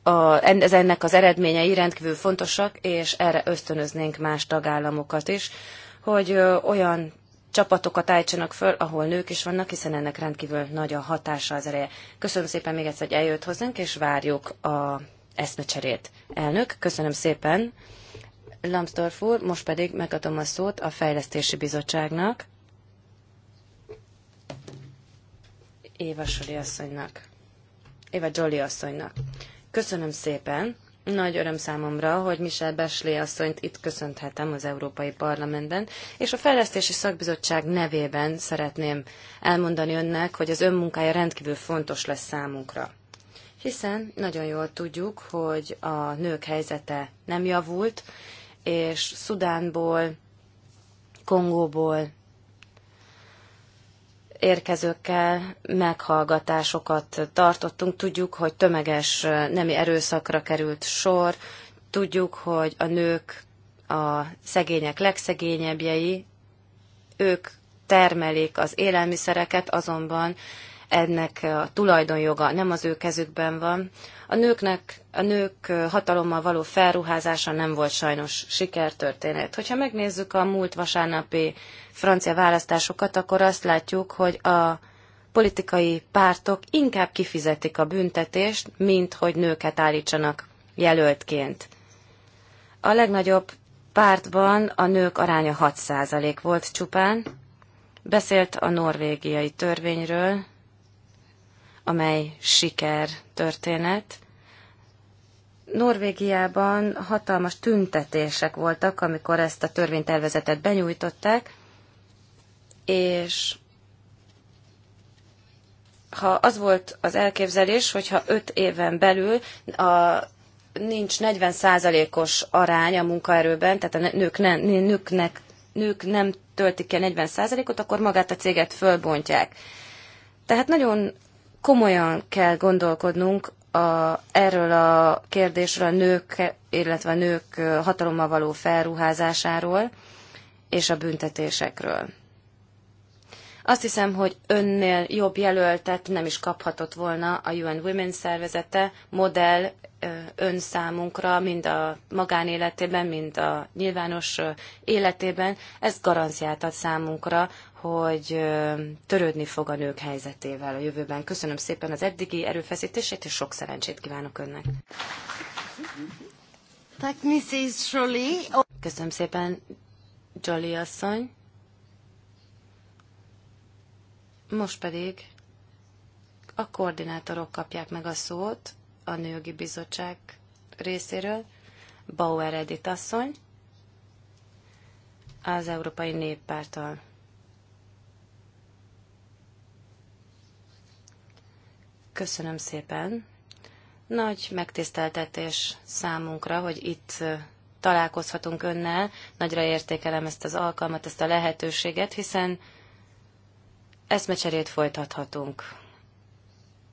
a, ez ennek az eredményei rendkívül fontosak, és erre ösztönöznénk más tagállamokat is, hogy olyan csapatokat állítsanak föl, ahol nők is vannak, hiszen ennek rendkívül nagy a hatása az ereje. Köszönöm szépen még egyszer, hogy eljött hozzánk, és várjuk a eszmecserét. Elnök, köszönöm szépen. Lambsdorff úr, most pedig megadom a szót a Fejlesztési Bizottságnak. Éva Soli asszonynak. Éva Jolly asszonynak. Köszönöm szépen. Nagy öröm számomra, hogy Michel Beslé asszonyt itt köszönthetem az Európai Parlamentben, és a Fejlesztési Szakbizottság nevében szeretném elmondani önnek, hogy az ön munkája rendkívül fontos lesz számunkra. Hiszen nagyon jól tudjuk, hogy a nők helyzete nem javult, és Szudánból, Kongóból, érkezőkkel meghallgatásokat tartottunk. Tudjuk, hogy tömeges nemi erőszakra került sor, tudjuk, hogy a nők a szegények legszegényebbjei, ők termelik az élelmiszereket, azonban ennek a tulajdonjoga nem az ő kezükben van. A nőknek, a nők hatalommal való felruházása nem volt sajnos sikertörténet. Hogyha megnézzük a múlt vasárnapi francia választásokat, akkor azt látjuk, hogy a politikai pártok inkább kifizetik a büntetést, mint hogy nőket állítsanak jelöltként. A legnagyobb pártban a nők aránya 6% volt csupán. Beszélt a norvégiai törvényről, amely siker történet. Norvégiában hatalmas tüntetések voltak, amikor ezt a törvénytervezetet benyújtották, és ha az volt az elképzelés, hogyha öt éven belül a, nincs 40%-os arány a munkaerőben, tehát a nők ne, nőknek, nők nem töltik ki a 40%-ot, akkor magát a céget fölbontják. Tehát nagyon komolyan kell gondolkodnunk a, erről a kérdésről a nők, illetve a nők hatalommal való felruházásáról és a büntetésekről. Azt hiszem, hogy önnél jobb jelöltet nem is kaphatott volna a UN Women szervezete, modell ön számunkra, mind a magánéletében, mind a nyilvános életében. Ez garanciát ad számunkra, hogy törődni fog a nők helyzetével a jövőben. Köszönöm szépen az eddigi erőfeszítését, és sok szerencsét kívánok önnek. Köszönöm szépen, Jolly asszony. Most pedig a koordinátorok kapják meg a szót a nőgi Bizottság részéről. Bauer Edith asszony az Európai néppártal. Köszönöm szépen. Nagy megtiszteltetés számunkra, hogy itt találkozhatunk önnel. Nagyra értékelem ezt az alkalmat, ezt a lehetőséget, hiszen eszmecserét folytathatunk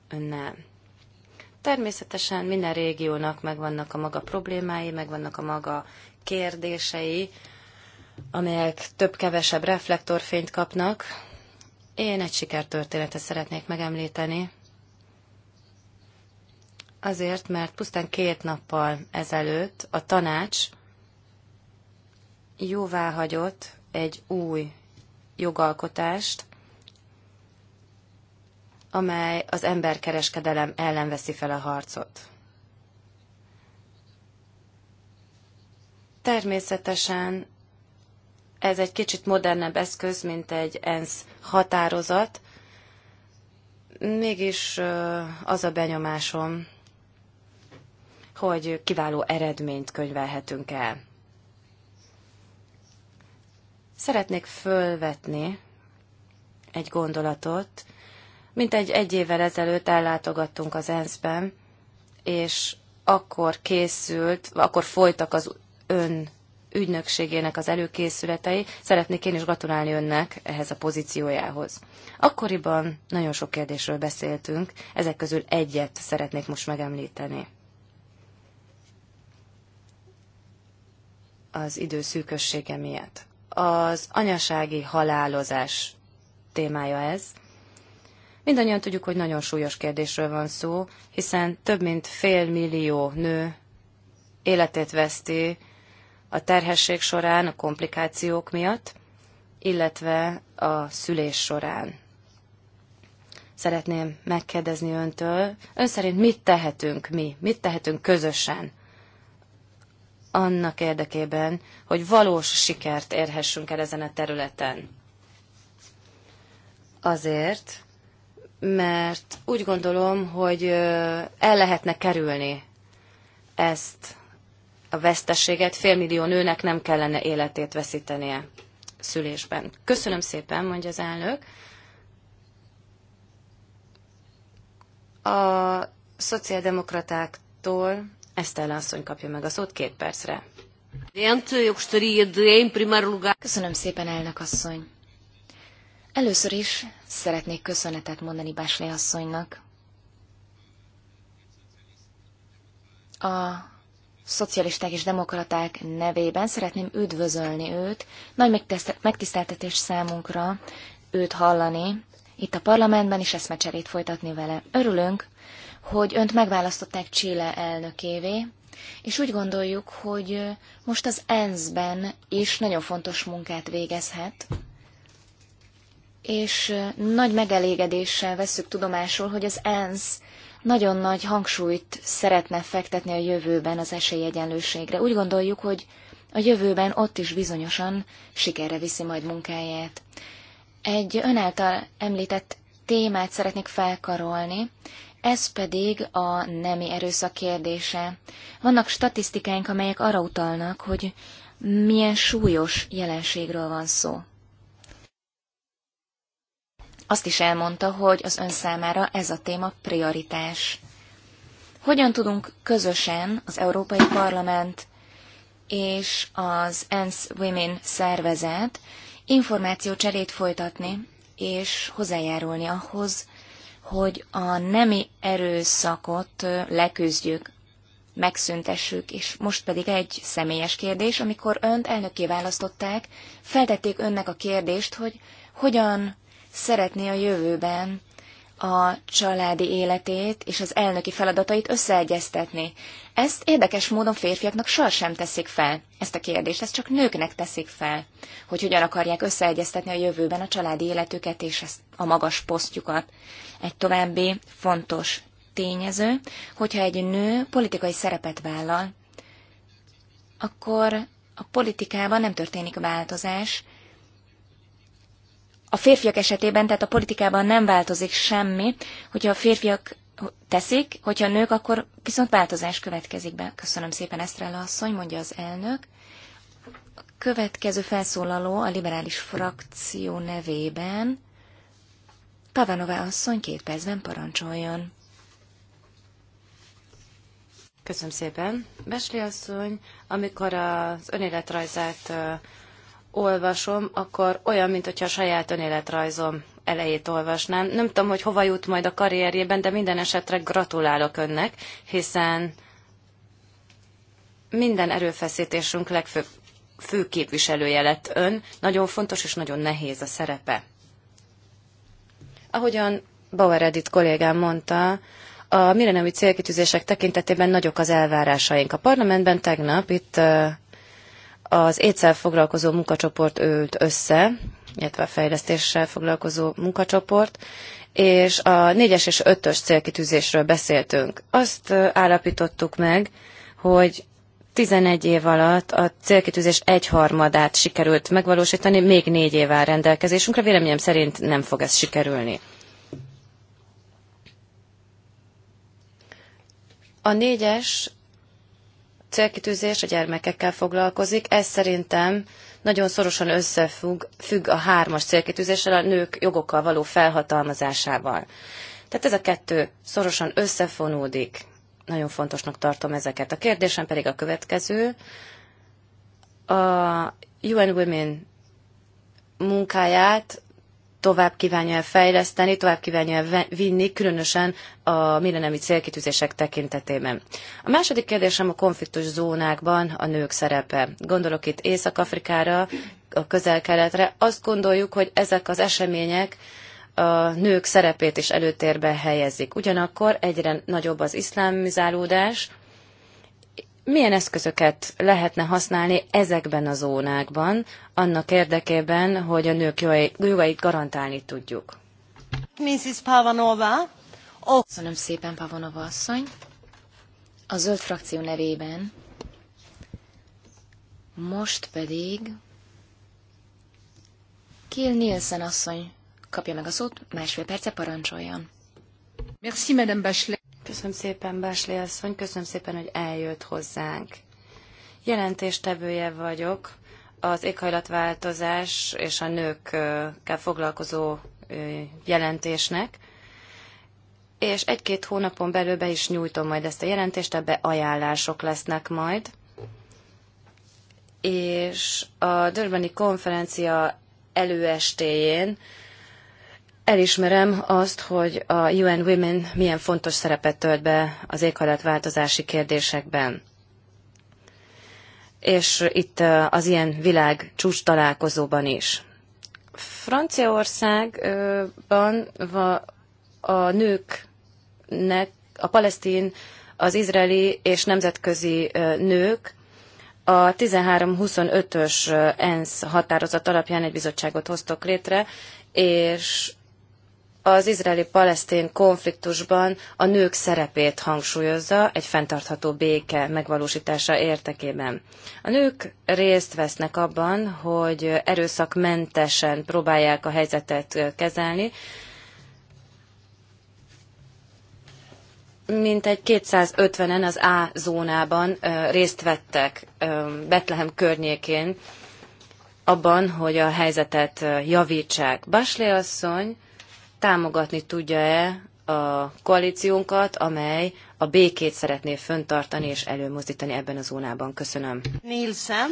önnel. Természetesen minden régiónak megvannak a maga problémái, megvannak a maga kérdései, amelyek több-kevesebb reflektorfényt kapnak. Én egy sikertörténetet szeretnék megemlíteni. Azért, mert pusztán két nappal ezelőtt a tanács jóváhagyott egy új jogalkotást, amely az emberkereskedelem ellen veszi fel a harcot. Természetesen ez egy kicsit modernebb eszköz, mint egy ENSZ határozat, mégis az a benyomásom, hogy kiváló eredményt könyvelhetünk el. Szeretnék fölvetni egy gondolatot, mint egy egy évvel ezelőtt ellátogattunk az ENSZ-ben, és akkor készült, akkor folytak az ön ügynökségének az előkészületei. Szeretnék én is gratulálni önnek ehhez a pozíciójához. Akkoriban nagyon sok kérdésről beszéltünk, ezek közül egyet szeretnék most megemlíteni. Az idő szűkössége miatt. Az anyasági halálozás témája ez. Mindannyian tudjuk, hogy nagyon súlyos kérdésről van szó, hiszen több mint fél millió nő életét veszti a terhesség során, a komplikációk miatt, illetve a szülés során. Szeretném megkérdezni öntől, ön szerint mit tehetünk mi, mit tehetünk közösen annak érdekében, hogy valós sikert érhessünk el ezen a területen. Azért, mert úgy gondolom, hogy el lehetne kerülni ezt a veszteséget, félmillió nőnek nem kellene életét veszítenie szülésben. Köszönöm szépen, mondja az elnök. A szociáldemokratáktól Esztella asszony kapja meg a szót két percre. Köszönöm szépen, elnök asszony. Először is szeretnék köszönetet mondani Básli asszonynak. A szocialisták és demokraták nevében szeretném üdvözölni őt. Nagy megtiszteltetés számunkra őt hallani, itt a parlamentben is eszmecserét folytatni vele. Örülünk, hogy önt megválasztották Chile elnökévé, és úgy gondoljuk, hogy most az ENSZ-ben is nagyon fontos munkát végezhet, és nagy megelégedéssel vesszük tudomásul, hogy az ENSZ nagyon nagy hangsúlyt szeretne fektetni a jövőben az esélyegyenlőségre. Úgy gondoljuk, hogy a jövőben ott is bizonyosan sikerre viszi majd munkáját. Egy önáltal említett témát szeretnék felkarolni, ez pedig a nemi erőszak kérdése. Vannak statisztikáink, amelyek arra utalnak, hogy milyen súlyos jelenségről van szó. Azt is elmondta, hogy az ön számára ez a téma prioritás. Hogyan tudunk közösen az Európai Parlament és az ENSZ Women szervezet információcserét folytatni, és hozzájárulni ahhoz, hogy a nemi erőszakot leküzdjük, megszüntessük, és most pedig egy személyes kérdés, amikor önt elnökké választották, feltették önnek a kérdést, hogy hogyan szeretné a jövőben a családi életét és az elnöki feladatait összeegyeztetni. Ezt érdekes módon férfiaknak sohasem teszik fel, ezt a kérdést, ezt csak nőknek teszik fel, hogy hogyan akarják összeegyeztetni a jövőben a családi életüket és a magas posztjukat. Egy további fontos tényező, hogyha egy nő politikai szerepet vállal, akkor a politikában nem történik változás, a férfiak esetében, tehát a politikában nem változik semmi, hogyha a férfiak teszik, hogyha a nők, akkor viszont változás következik be. Köszönöm szépen, Esztrella asszony, mondja az elnök. A következő felszólaló a liberális frakció nevében. Pavanova asszony két percben parancsoljon. Köszönöm szépen. Besli asszony, amikor az önéletrajzát olvasom, akkor olyan, mint hogyha a saját önéletrajzom elejét olvasnám. Nem tudom, hogy hova jut majd a karrierjében, de minden esetre gratulálok önnek, hiszen minden erőfeszítésünk legfőbb fő képviselője lett ön. Nagyon fontos és nagyon nehéz a szerepe. Ahogyan Bauer Edith kollégám mondta, a millenniumi célkitűzések tekintetében nagyok az elvárásaink. A parlamentben tegnap itt az étszel foglalkozó munkacsoport ült össze, illetve a fejlesztéssel foglalkozó munkacsoport, és a 4-es és 5-ös célkitűzésről beszéltünk. Azt állapítottuk meg, hogy 11 év alatt a célkitűzés egyharmadát sikerült megvalósítani, még négy év áll rendelkezésünkre, véleményem szerint nem fog ez sikerülni. A négyes célkitűzés a gyermekekkel foglalkozik. Ez szerintem nagyon szorosan összefügg függ a hármas célkitűzéssel, a nők jogokkal való felhatalmazásával. Tehát ez a kettő szorosan összefonódik. Nagyon fontosnak tartom ezeket. A kérdésem pedig a következő. A UN Women munkáját tovább kívánja fejleszteni, tovább kívánja vinni, különösen a millenemi célkitűzések tekintetében. A második kérdésem a konfliktus zónákban a nők szerepe. Gondolok itt Észak-Afrikára, a közel-keletre. Azt gondoljuk, hogy ezek az események a nők szerepét is előtérbe helyezik. Ugyanakkor egyre nagyobb az iszlámizálódás, milyen eszközöket lehetne használni ezekben a zónákban, annak érdekében, hogy a nők jogait garantálni tudjuk? Mrs. Pavanova. Oh. Köszönöm szépen, Pavanova asszony. A zöld frakció nevében. Most pedig Kill Nielsen asszony kapja meg a szót, másfél perce parancsoljon. Merci, Madame Bachelet. Köszönöm szépen, Básli asszony, köszönöm szépen, hogy eljött hozzánk. Jelentéstevője vagyok az éghajlatváltozás és a nőkkel foglalkozó jelentésnek, és egy-két hónapon belül be is nyújtom majd ezt a jelentést, ebbe ajánlások lesznek majd. És a Dörbeni konferencia előestéjén Elismerem azt, hogy a UN Women milyen fontos szerepet tölt be az éghajlatváltozási kérdésekben. És itt eh, az ilyen világ csúcs találkozóban is. Franciaországban eh, a nőknek, a palesztin, az izraeli és nemzetközi eh, nők a 13-25-ös ENSZ határozat alapján egy bizottságot hoztok létre, és az izraeli-palesztin konfliktusban a nők szerepét hangsúlyozza egy fenntartható béke megvalósítása értekében. A nők részt vesznek abban, hogy erőszakmentesen próbálják a helyzetet kezelni, mintegy 250-en az A zónában részt vettek Betlehem környékén abban, hogy a helyzetet javítsák. Basli asszony támogatni tudja-e a koalíciónkat, amely a békét szeretné föntartani és előmozdítani ebben a zónában. Köszönöm. Nielsen.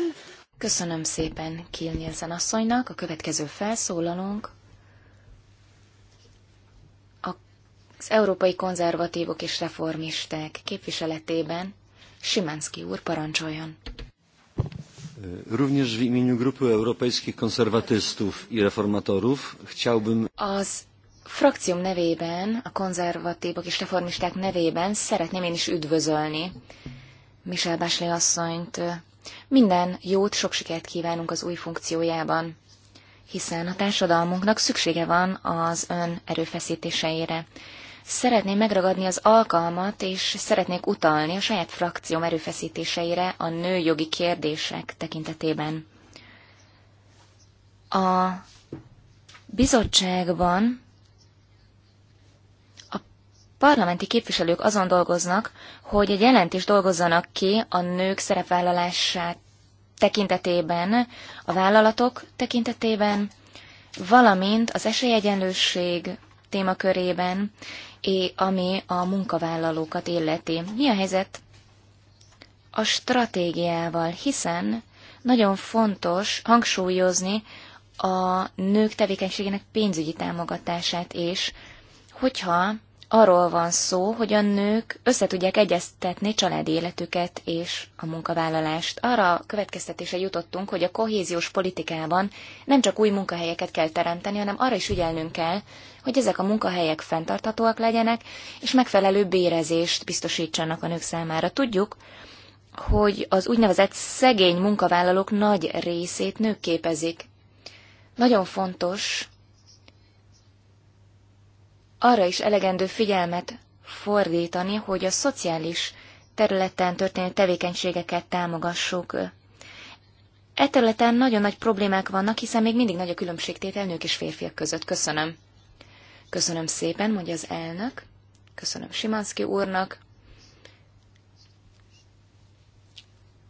Köszönöm szépen Kiel Nielsen asszonynak. A következő felszólalónk az Európai Konzervatívok és Reformisták képviseletében Simánszki úr parancsoljon. Również w imieniu Grupy Europejskich Konserwatystów i Reformatorów chciałbym... Az frakcióm nevében, a konzervatívok és reformisták nevében szeretném én is üdvözölni Michel Bachelet asszonyt. Minden jót, sok sikert kívánunk az új funkciójában, hiszen a társadalmunknak szüksége van az ön erőfeszítéseire. Szeretném megragadni az alkalmat, és szeretnék utalni a saját frakcióm erőfeszítéseire a nőjogi kérdések tekintetében. A bizottságban parlamenti képviselők azon dolgoznak, hogy egy jelentést dolgozzanak ki a nők szerepvállalását tekintetében, a vállalatok tekintetében, valamint az esélyegyenlőség témakörében, ami a munkavállalókat illeti. Mi a helyzet a stratégiával, hiszen nagyon fontos hangsúlyozni a nők tevékenységének pénzügyi támogatását és hogyha arról van szó, hogy a nők összetudják egyeztetni családi életüket és a munkavállalást. Arra a következtetése jutottunk, hogy a kohéziós politikában nem csak új munkahelyeket kell teremteni, hanem arra is ügyelnünk kell, hogy ezek a munkahelyek fenntarthatóak legyenek, és megfelelő bérezést biztosítsanak a nők számára. Tudjuk, hogy az úgynevezett szegény munkavállalók nagy részét nők képezik. Nagyon fontos, arra is elegendő figyelmet fordítani, hogy a szociális területen történő tevékenységeket támogassuk. E területen nagyon nagy problémák vannak, hiszen még mindig nagy a különbségtétel nők és férfiak között. Köszönöm. Köszönöm szépen, mondja az elnök. Köszönöm Simanszki úrnak.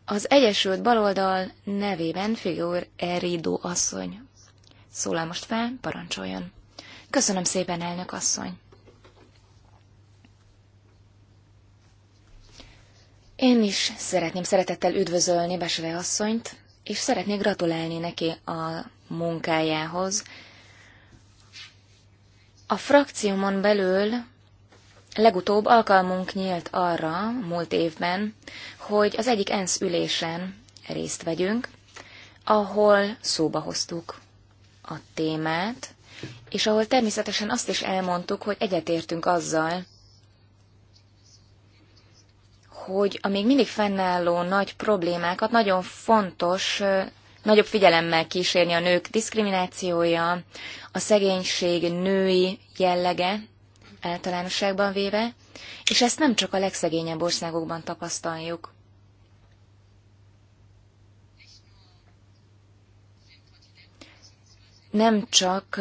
Az Egyesült Baloldal nevében figyúr Eridó asszony Szólál most fel, parancsoljon. Köszönöm szépen, elnök asszony. Én is szeretném szeretettel üdvözölni Besele asszonyt, és szeretnék gratulálni neki a munkájához. A frakciómon belül legutóbb alkalmunk nyílt arra múlt évben, hogy az egyik ENSZ ülésen részt vegyünk, ahol szóba hoztuk a témát, és ahol természetesen azt is elmondtuk, hogy egyetértünk azzal, hogy a még mindig fennálló nagy problémákat nagyon fontos nagyobb figyelemmel kísérni a nők diszkriminációja, a szegénység női jellege általánosságban véve, és ezt nem csak a legszegényebb országokban tapasztaljuk. nem csak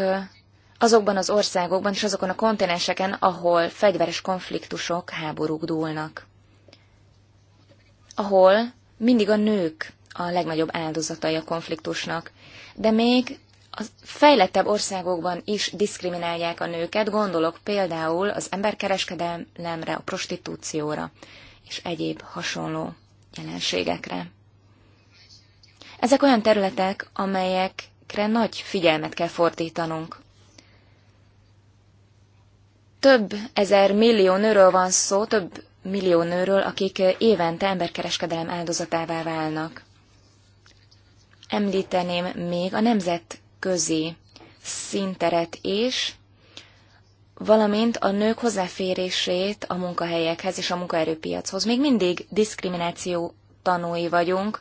azokban az országokban és azokon a kontinenseken, ahol fegyveres konfliktusok, háborúk dúlnak. Ahol mindig a nők a legnagyobb áldozatai a konfliktusnak. De még a fejlettebb országokban is diszkriminálják a nőket, gondolok például az emberkereskedelemre, a prostitúcióra és egyéb hasonló jelenségekre. Ezek olyan területek, amelyek amelyekre nagy figyelmet kell fordítanunk. Több ezer millió nőről van szó, több millió nőről, akik évente emberkereskedelem áldozatává válnak. Említeném még a nemzetközi színteret is, valamint a nők hozzáférését a munkahelyekhez és a munkaerőpiachoz. Még mindig diszkrimináció tanúi vagyunk.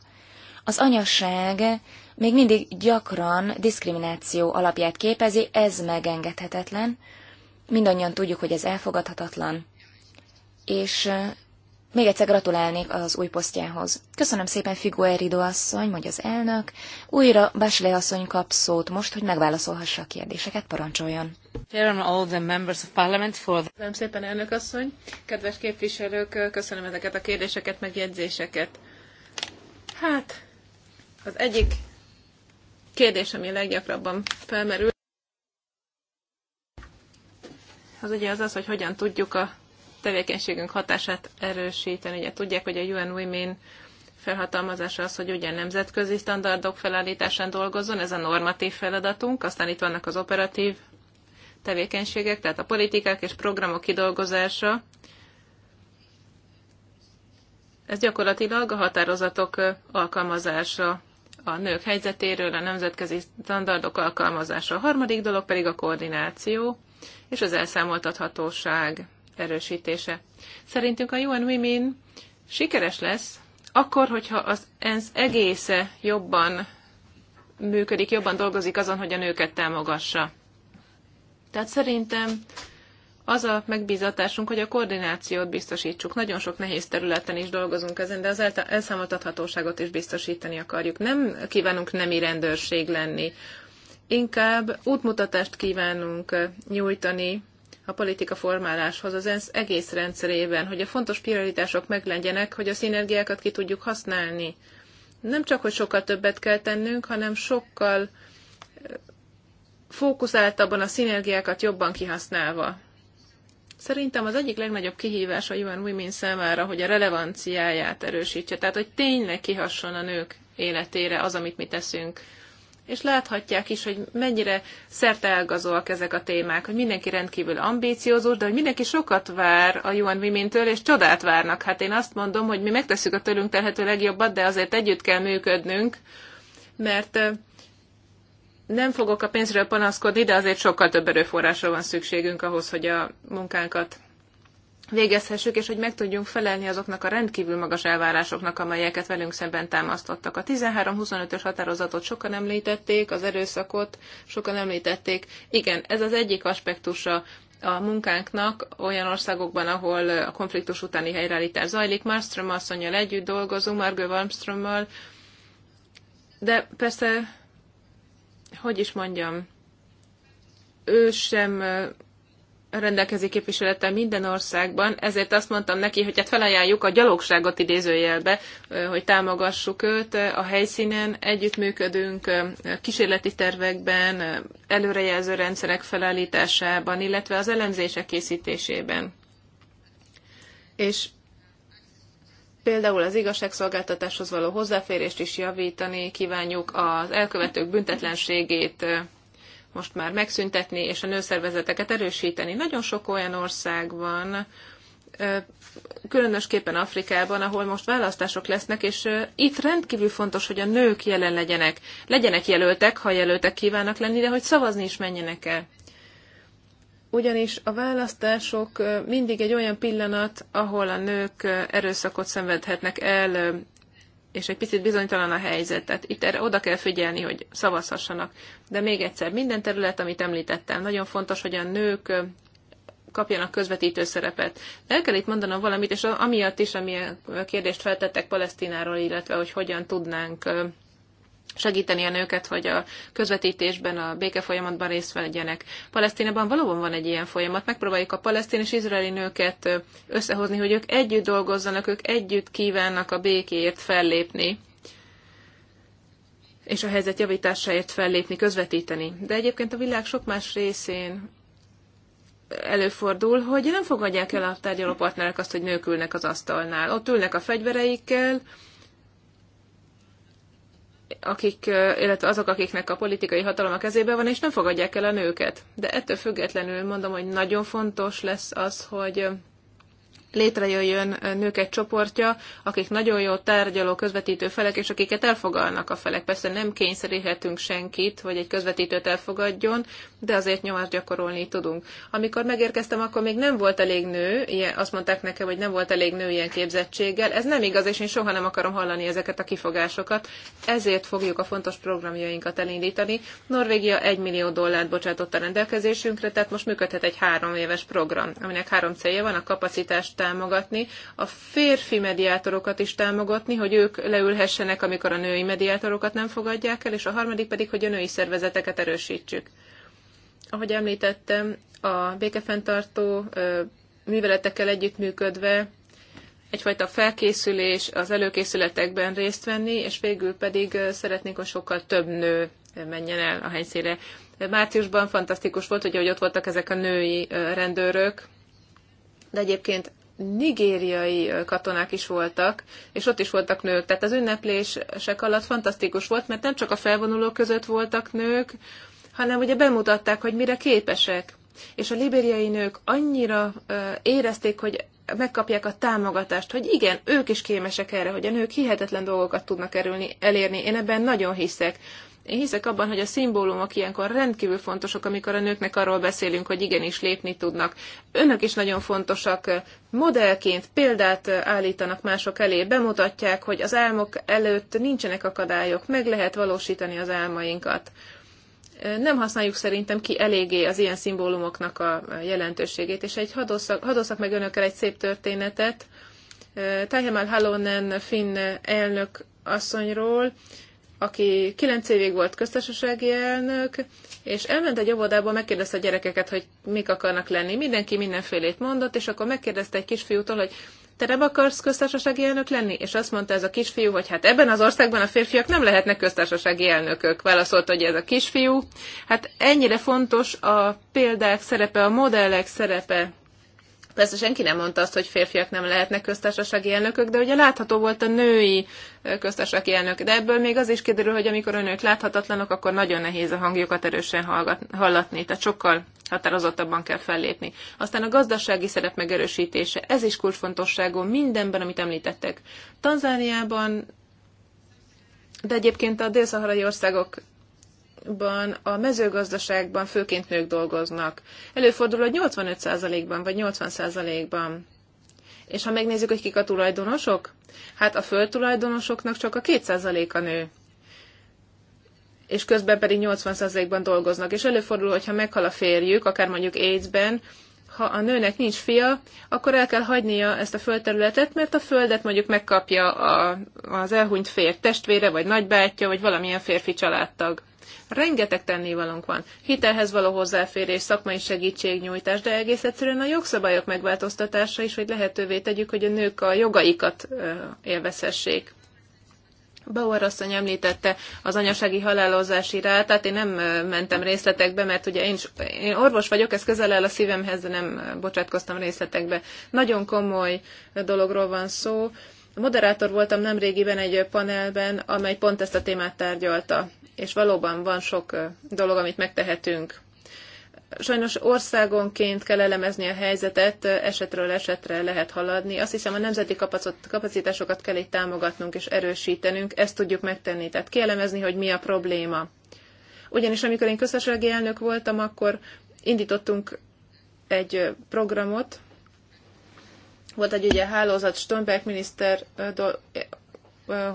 Az anyaság még mindig gyakran diszkrimináció alapját képezi, ez megengedhetetlen. Mindannyian tudjuk, hogy ez elfogadhatatlan. És még egyszer gratulálnék az új posztjához. Köszönöm szépen Erido asszony, mondja az elnök. Újra Basley asszony kap szót most, hogy megválaszolhassa a kérdéseket, parancsoljon. Köszönöm szépen, elnök asszony. Kedves képviselők, köszönöm ezeket a kérdéseket, megjegyzéseket. Hát, az egyik kérdés, ami leggyakrabban felmerül, az ugye az az, hogy hogyan tudjuk a tevékenységünk hatását erősíteni. Ugye tudják, hogy a UN Women felhatalmazása az, hogy ugye nemzetközi standardok felállításán dolgozzon, ez a normatív feladatunk, aztán itt vannak az operatív tevékenységek, tehát a politikák és programok kidolgozása. Ez gyakorlatilag a határozatok alkalmazása a nők helyzetéről, a nemzetközi standardok alkalmazása. A harmadik dolog pedig a koordináció és az elszámoltathatóság erősítése. Szerintünk a UN Women sikeres lesz, akkor, hogyha az ENSZ egésze jobban működik, jobban dolgozik azon, hogy a nőket támogassa. Tehát szerintem az a megbízatásunk, hogy a koordinációt biztosítsuk. Nagyon sok nehéz területen is dolgozunk ezen, de az elszámoltathatóságot is biztosítani akarjuk. Nem kívánunk nemi rendőrség lenni, inkább útmutatást kívánunk nyújtani a politika formáláshoz az ENSZ egész rendszerében, hogy a fontos prioritások meglegyenek, hogy a szinergiákat ki tudjuk használni. Nem csak, hogy sokkal többet kell tennünk, hanem sokkal eh, fókuszáltabban a szinergiákat jobban kihasználva. Szerintem az egyik legnagyobb kihívás a Human Women számára, hogy a relevanciáját erősítse, tehát hogy tényleg kihasson a nők életére az, amit mi teszünk. És láthatják is, hogy mennyire elgazolk ezek a témák, hogy mindenki rendkívül ambíciózus, de hogy mindenki sokat vár a Juan Women-től, és csodát várnak. Hát én azt mondom, hogy mi megtesszük a tőlünk telhető legjobbat, de azért együtt kell működnünk, mert nem fogok a pénzről panaszkodni, de azért sokkal több erőforrásra van szükségünk ahhoz, hogy a munkánkat végezhessük, és hogy meg tudjunk felelni azoknak a rendkívül magas elvárásoknak, amelyeket velünk szemben támasztottak. A 13-25-ös határozatot sokan említették, az erőszakot sokan említették. Igen, ez az egyik aspektusa a munkánknak olyan országokban, ahol a konfliktus utáni helyreállítás zajlik. Marström asszonyjal együtt dolgozunk, Margő Malmströmmel, de persze hogy is mondjam, ő sem rendelkezik képviselettel minden országban, ezért azt mondtam neki, hogy hát felajánljuk a gyalogságot idézőjelbe, hogy támogassuk őt a helyszínen, együttműködünk kísérleti tervekben, előrejelző rendszerek felállításában, illetve az elemzések készítésében. És Például az igazságszolgáltatáshoz való hozzáférést is javítani kívánjuk, az elkövetők büntetlenségét most már megszüntetni, és a nőszervezeteket erősíteni. Nagyon sok olyan ország van, különösképpen Afrikában, ahol most választások lesznek, és itt rendkívül fontos, hogy a nők jelen legyenek. Legyenek jelöltek, ha jelöltek kívánnak lenni, de hogy szavazni is menjenek el ugyanis a választások mindig egy olyan pillanat, ahol a nők erőszakot szenvedhetnek el, és egy picit bizonytalan a helyzet. Tehát itt erre oda kell figyelni, hogy szavazhassanak. De még egyszer, minden terület, amit említettem, nagyon fontos, hogy a nők kapjanak közvetítő szerepet. De el kell itt mondanom valamit, és amiatt is, amilyen kérdést feltettek Palesztináról, illetve hogy hogyan tudnánk segíteni a nőket, hogy a közvetítésben, a béke folyamatban részt vegyenek. Palesztinában valóban van egy ilyen folyamat. Megpróbáljuk a palesztin és izraeli nőket összehozni, hogy ők együtt dolgozzanak, ők együtt kívánnak a békéért fellépni és a helyzet javításáért fellépni, közvetíteni. De egyébként a világ sok más részén előfordul, hogy nem fogadják el a tárgyalópartnerek azt, hogy nők ülnek az asztalnál. Ott ülnek a fegyvereikkel, akik, illetve azok, akiknek a politikai hatalom a kezében van, és nem fogadják el a nőket. De ettől függetlenül mondom, hogy nagyon fontos lesz az, hogy létrejöjjön nők egy csoportja, akik nagyon jó tárgyaló közvetítő felek, és akiket elfogalnak a felek. Persze nem kényszeríthetünk senkit, hogy egy közvetítőt elfogadjon, de azért nyomást gyakorolni tudunk. Amikor megérkeztem, akkor még nem volt elég nő, ilyen, azt mondták nekem, hogy nem volt elég nő ilyen képzettséggel. Ez nem igaz, és én soha nem akarom hallani ezeket a kifogásokat. Ezért fogjuk a fontos programjainkat elindítani. Norvégia 1 millió dollárt bocsátott a rendelkezésünkre, tehát most működhet egy három éves program, aminek három célja van, a kapacitást támogatni, a férfi mediátorokat is támogatni, hogy ők leülhessenek, amikor a női mediátorokat nem fogadják el, és a harmadik pedig, hogy a női szervezeteket erősítsük. Ahogy említettem, a békefenntartó műveletekkel együttműködve egyfajta felkészülés, az előkészületekben részt venni, és végül pedig szeretnénk, hogy sokkal több nő menjen el a helyszíre. Márciusban fantasztikus volt, hogy ott voltak ezek a női rendőrök, de egyébként nigériai katonák is voltak, és ott is voltak nők. Tehát az ünneplések alatt fantasztikus volt, mert nem csak a felvonulók között voltak nők, hanem ugye bemutatták, hogy mire képesek. És a libériai nők annyira érezték, hogy megkapják a támogatást, hogy igen, ők is kémesek erre, hogy a nők hihetetlen dolgokat tudnak erülni, elérni. Én ebben nagyon hiszek. Én hiszek abban, hogy a szimbólumok ilyenkor rendkívül fontosak, amikor a nőknek arról beszélünk, hogy igenis lépni tudnak. Önök is nagyon fontosak, modellként példát állítanak mások elé, bemutatják, hogy az álmok előtt nincsenek akadályok, meg lehet valósítani az álmainkat nem használjuk szerintem ki eléggé az ilyen szimbólumoknak a jelentőségét. És egy hadosszak, hadosszak meg önökkel egy szép történetet. Tajamal Halonen finn elnök asszonyról, aki kilenc évig volt köztársasági elnök, és elment egy óvodába, megkérdezte a gyerekeket, hogy mik akarnak lenni. Mindenki mindenfélét mondott, és akkor megkérdezte egy kisfiútól, hogy te nem akarsz köztársasági elnök lenni? És azt mondta ez a kisfiú, hogy hát ebben az országban a férfiak nem lehetnek köztársasági elnökök. Válaszolta, hogy ez a kisfiú. Hát ennyire fontos a példák szerepe, a modellek szerepe Persze senki nem mondta azt, hogy férfiak nem lehetnek köztársasági elnökök, de ugye látható volt a női köztársasági elnök. De ebből még az is kiderül, hogy amikor a nők láthatatlanok, akkor nagyon nehéz a hangjukat erősen hallgat, hallatni, tehát sokkal határozottabban kell fellépni. Aztán a gazdasági szerep megerősítése, ez is kulcsfontosságú mindenben, amit említettek. Tanzániában, de egyébként a délszaharai országok országban a mezőgazdaságban főként nők dolgoznak. Előfordul, hogy 85%-ban vagy 80%-ban. És ha megnézzük, hogy kik a tulajdonosok, hát a földtulajdonosoknak csak a 2%-a nő és közben pedig 80%-ban dolgoznak. És előfordul, hogyha meghal a férjük, akár mondjuk AIDS-ben, ha a nőnek nincs fia, akkor el kell hagynia ezt a földterületet, mert a földet mondjuk megkapja a, az elhunyt férj testvére, vagy nagybátyja, vagy valamilyen férfi családtag. Rengeteg tennivalónk van. Hitelhez való hozzáférés, szakmai segítségnyújtás, de egész egyszerűen a jogszabályok megváltoztatása is, hogy lehetővé tegyük, hogy a nők a jogaikat élvezhessék. Bauer asszony említette az anyasági halálozási rátát, én nem mentem részletekbe, mert ugye én, én orvos vagyok, ez közel áll a szívemhez, de nem bocsátkoztam részletekbe. Nagyon komoly dologról van szó. Moderátor voltam nemrégiben egy panelben, amely pont ezt a témát tárgyalta, és valóban van sok dolog, amit megtehetünk. Sajnos országonként kell elemezni a helyzetet, esetről esetre lehet haladni. Azt hiszem, a nemzeti kapacitásokat kell itt támogatnunk és erősítenünk, ezt tudjuk megtenni, tehát kielemezni, hogy mi a probléma. Ugyanis amikor én közösségi elnök voltam, akkor indítottunk egy programot, volt egy ugye hálózat, Stönberg miniszter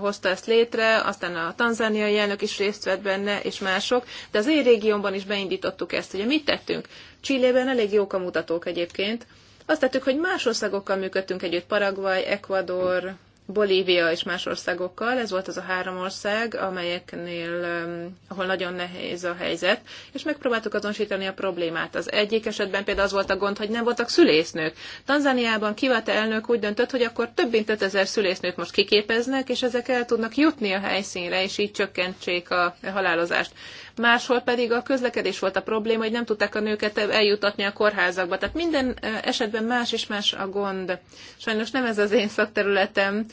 hozta ezt létre, aztán a tanzániai elnök is részt vett benne, és mások, de az én régiómban is beindítottuk ezt. Ugye mit tettünk? Csillében elég jók a mutatók egyébként. Azt tettük, hogy más országokkal működtünk együtt, Paraguay, Ecuador, Bolívia és más országokkal. Ez volt az a három ország, amelyeknél, ahol nagyon nehéz a helyzet, és megpróbáltuk azonosítani a problémát. Az egyik esetben például az volt a gond, hogy nem voltak szülésznők. Tanzániában Kivate elnök úgy döntött, hogy akkor több mint 5000 szülésznőt most kiképeznek, és ezek el tudnak jutni a helyszínre, és így csökkentsék a halálozást máshol pedig a közlekedés volt a probléma, hogy nem tudták a nőket eljutatni a kórházakba. Tehát minden esetben más és más a gond. Sajnos nem ez az én szakterületem,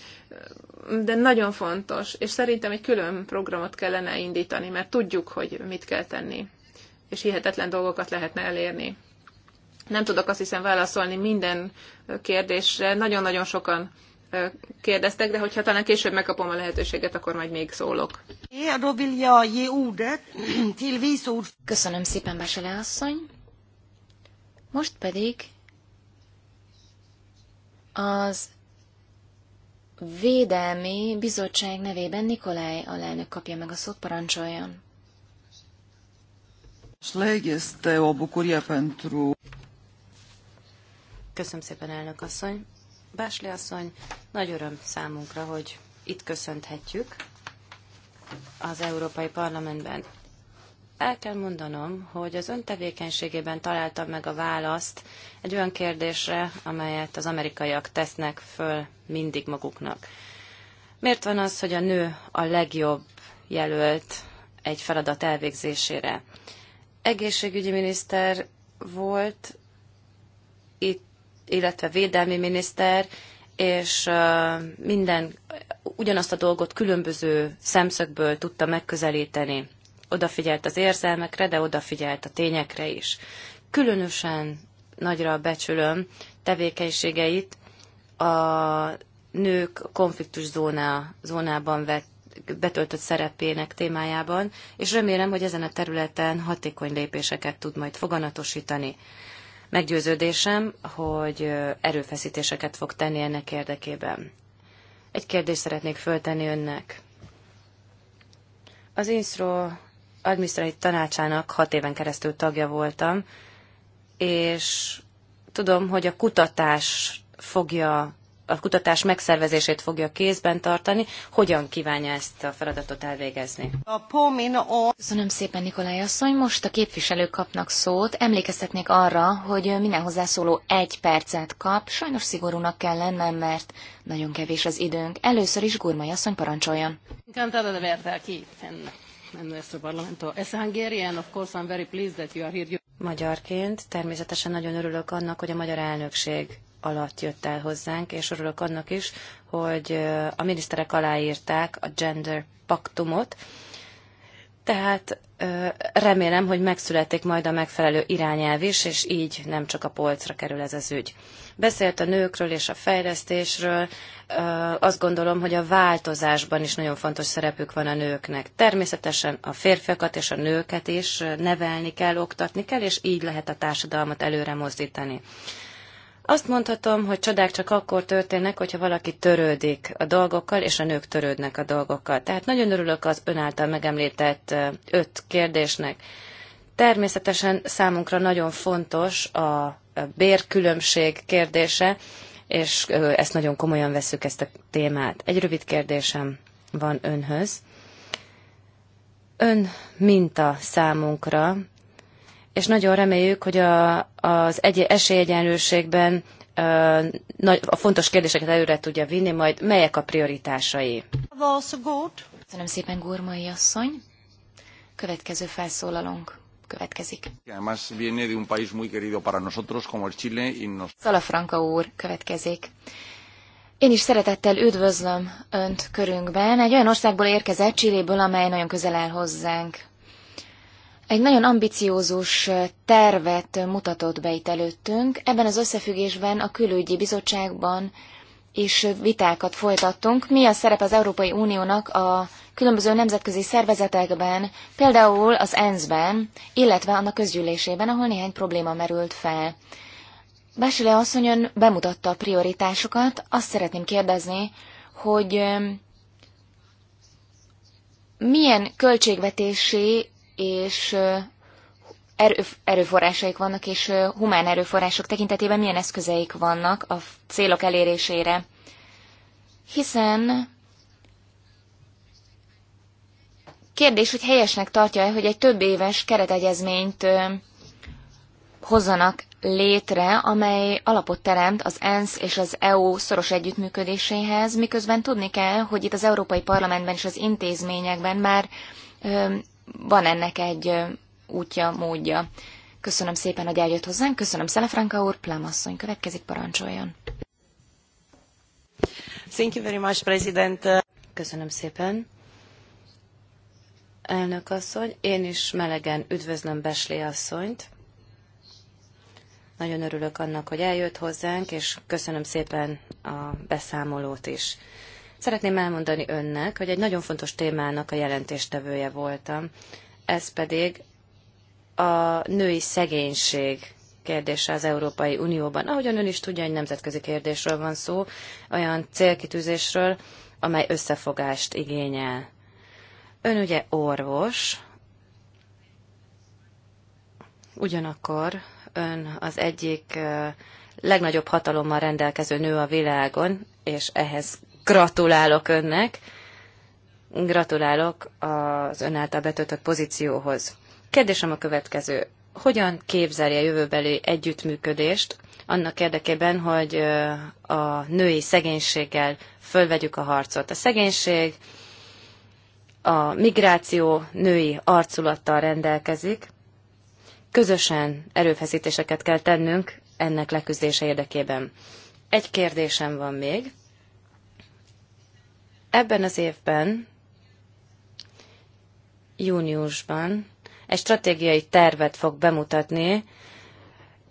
de nagyon fontos, és szerintem egy külön programot kellene indítani, mert tudjuk, hogy mit kell tenni, és hihetetlen dolgokat lehetne elérni. Nem tudok azt hiszem válaszolni minden kérdésre, nagyon-nagyon sokan kérdeztek, de hogyha talán később megkapom a lehetőséget, akkor majd még szólok. Köszönöm szépen, Basele asszony. Most pedig az Védelmi Bizottság nevében Nikolaj alelnök kapja meg a szót, parancsoljon. Köszönöm szépen, elnök asszony. Básli asszony, nagy öröm számunkra, hogy itt köszönthetjük az Európai Parlamentben. El kell mondanom, hogy az ön tevékenységében találtam meg a választ egy olyan kérdésre, amelyet az amerikaiak tesznek föl mindig maguknak. Miért van az, hogy a nő a legjobb jelölt egy feladat elvégzésére? Egészségügyi miniszter volt, itt illetve védelmi miniszter, és minden ugyanazt a dolgot különböző szemszögből tudta megközelíteni. Odafigyelt az érzelmekre, de odafigyelt a tényekre is. Különösen nagyra becsülöm tevékenységeit a nők konfliktus zóná, zónában vett betöltött szerepének témájában, és remélem, hogy ezen a területen hatékony lépéseket tud majd foganatosítani. Meggyőződésem, hogy erőfeszítéseket fog tenni ennek érdekében. Egy kérdést szeretnék föltenni önnek. Az INSZRO adminisztratív tanácsának hat éven keresztül tagja voltam, és tudom, hogy a kutatás fogja a kutatás megszervezését fogja kézben tartani. Hogyan kívánja ezt a feladatot elvégezni? Köszönöm szépen, Nikolaj asszony. Most a képviselők kapnak szót. Emlékeztetnék arra, hogy minden hozzászóló egy percet kap. Sajnos szigorúnak kell lennem, mert nagyon kevés az időnk. Először is Gurmai asszony parancsoljon. Encantada de verte aquí en, en nuestro parlamento. Es Hungarian, of course I'm very pleased that you are here. Magyarként természetesen nagyon örülök annak, hogy a magyar elnökség alatt jött el hozzánk, és örülök annak is, hogy a miniszterek aláírták a gender paktumot, tehát remélem, hogy megszületik majd a megfelelő irányelv is, és így nem csak a polcra kerül ez az ügy. Beszélt a nőkről és a fejlesztésről, azt gondolom, hogy a változásban is nagyon fontos szerepük van a nőknek. Természetesen a férfiakat és a nőket is nevelni kell, oktatni kell, és így lehet a társadalmat előre mozdítani. Azt mondhatom, hogy csodák csak akkor történnek, hogyha valaki törődik a dolgokkal, és a nők törődnek a dolgokkal. Tehát nagyon örülök az ön által megemlített öt kérdésnek. Természetesen számunkra nagyon fontos a bérkülönbség kérdése, és ezt nagyon komolyan veszük, ezt a témát. Egy rövid kérdésem van önhöz. Ön minta számunkra, és nagyon reméljük, hogy a, az egy, esélyegyenlőségben nagy, a fontos kérdéseket előre tudja vinni, majd melyek a prioritásai. Köszönöm szépen, Gurmai asszony. Következő felszólalónk következik. Szalafranka úr következik. Én is szeretettel üdvözlöm Önt körünkben. Egy olyan országból érkezett, Csilléből, amely nagyon közel áll hozzánk egy nagyon ambiciózus tervet mutatott be itt előttünk. Ebben az összefüggésben a külügyi bizottságban és vitákat folytattunk. Mi a szerep az Európai Uniónak a különböző nemzetközi szervezetekben, például az ENSZ-ben, illetve annak közgyűlésében, ahol néhány probléma merült fel. Basile asszony ön bemutatta a prioritásokat. Azt szeretném kérdezni, hogy um, milyen költségvetési és erő, erőforrásaik vannak, és humán erőforrások tekintetében milyen eszközeik vannak a célok elérésére. Hiszen kérdés, hogy helyesnek tartja-e, hogy egy több éves keretegyezményt hozzanak létre, amely alapot teremt az ENSZ és az EU szoros együttműködéséhez, miközben tudni kell, hogy itt az Európai Parlamentben és az intézményekben már van ennek egy útja, módja. Köszönöm szépen, hogy eljött hozzánk, köszönöm Szelefranka úr, Plámasszony következik, parancsoljon. Thank you very much, President. Köszönöm szépen. Elnök asszony, én is melegen üdvözlöm Besli asszonyt. Nagyon örülök annak, hogy eljött hozzánk, és köszönöm szépen a beszámolót is. Szeretném elmondani önnek, hogy egy nagyon fontos témának a jelentéstevője voltam, ez pedig a női szegénység kérdése az Európai Unióban. Ahogyan ön is tudja, egy nemzetközi kérdésről van szó, olyan célkitűzésről, amely összefogást igényel. Ön ugye orvos, ugyanakkor ön az egyik legnagyobb hatalommal rendelkező nő a világon, és ehhez Gratulálok önnek. Gratulálok az ön által betöltött pozícióhoz. Kérdésem a következő. Hogyan képzelje jövőbeli együttműködést annak érdekében, hogy a női szegénységgel fölvegyük a harcot? A szegénység a migráció női arculattal rendelkezik. Közösen erőfeszítéseket kell tennünk ennek leküzdése érdekében. Egy kérdésem van még. Ebben az évben, júniusban egy stratégiai tervet fog bemutatni,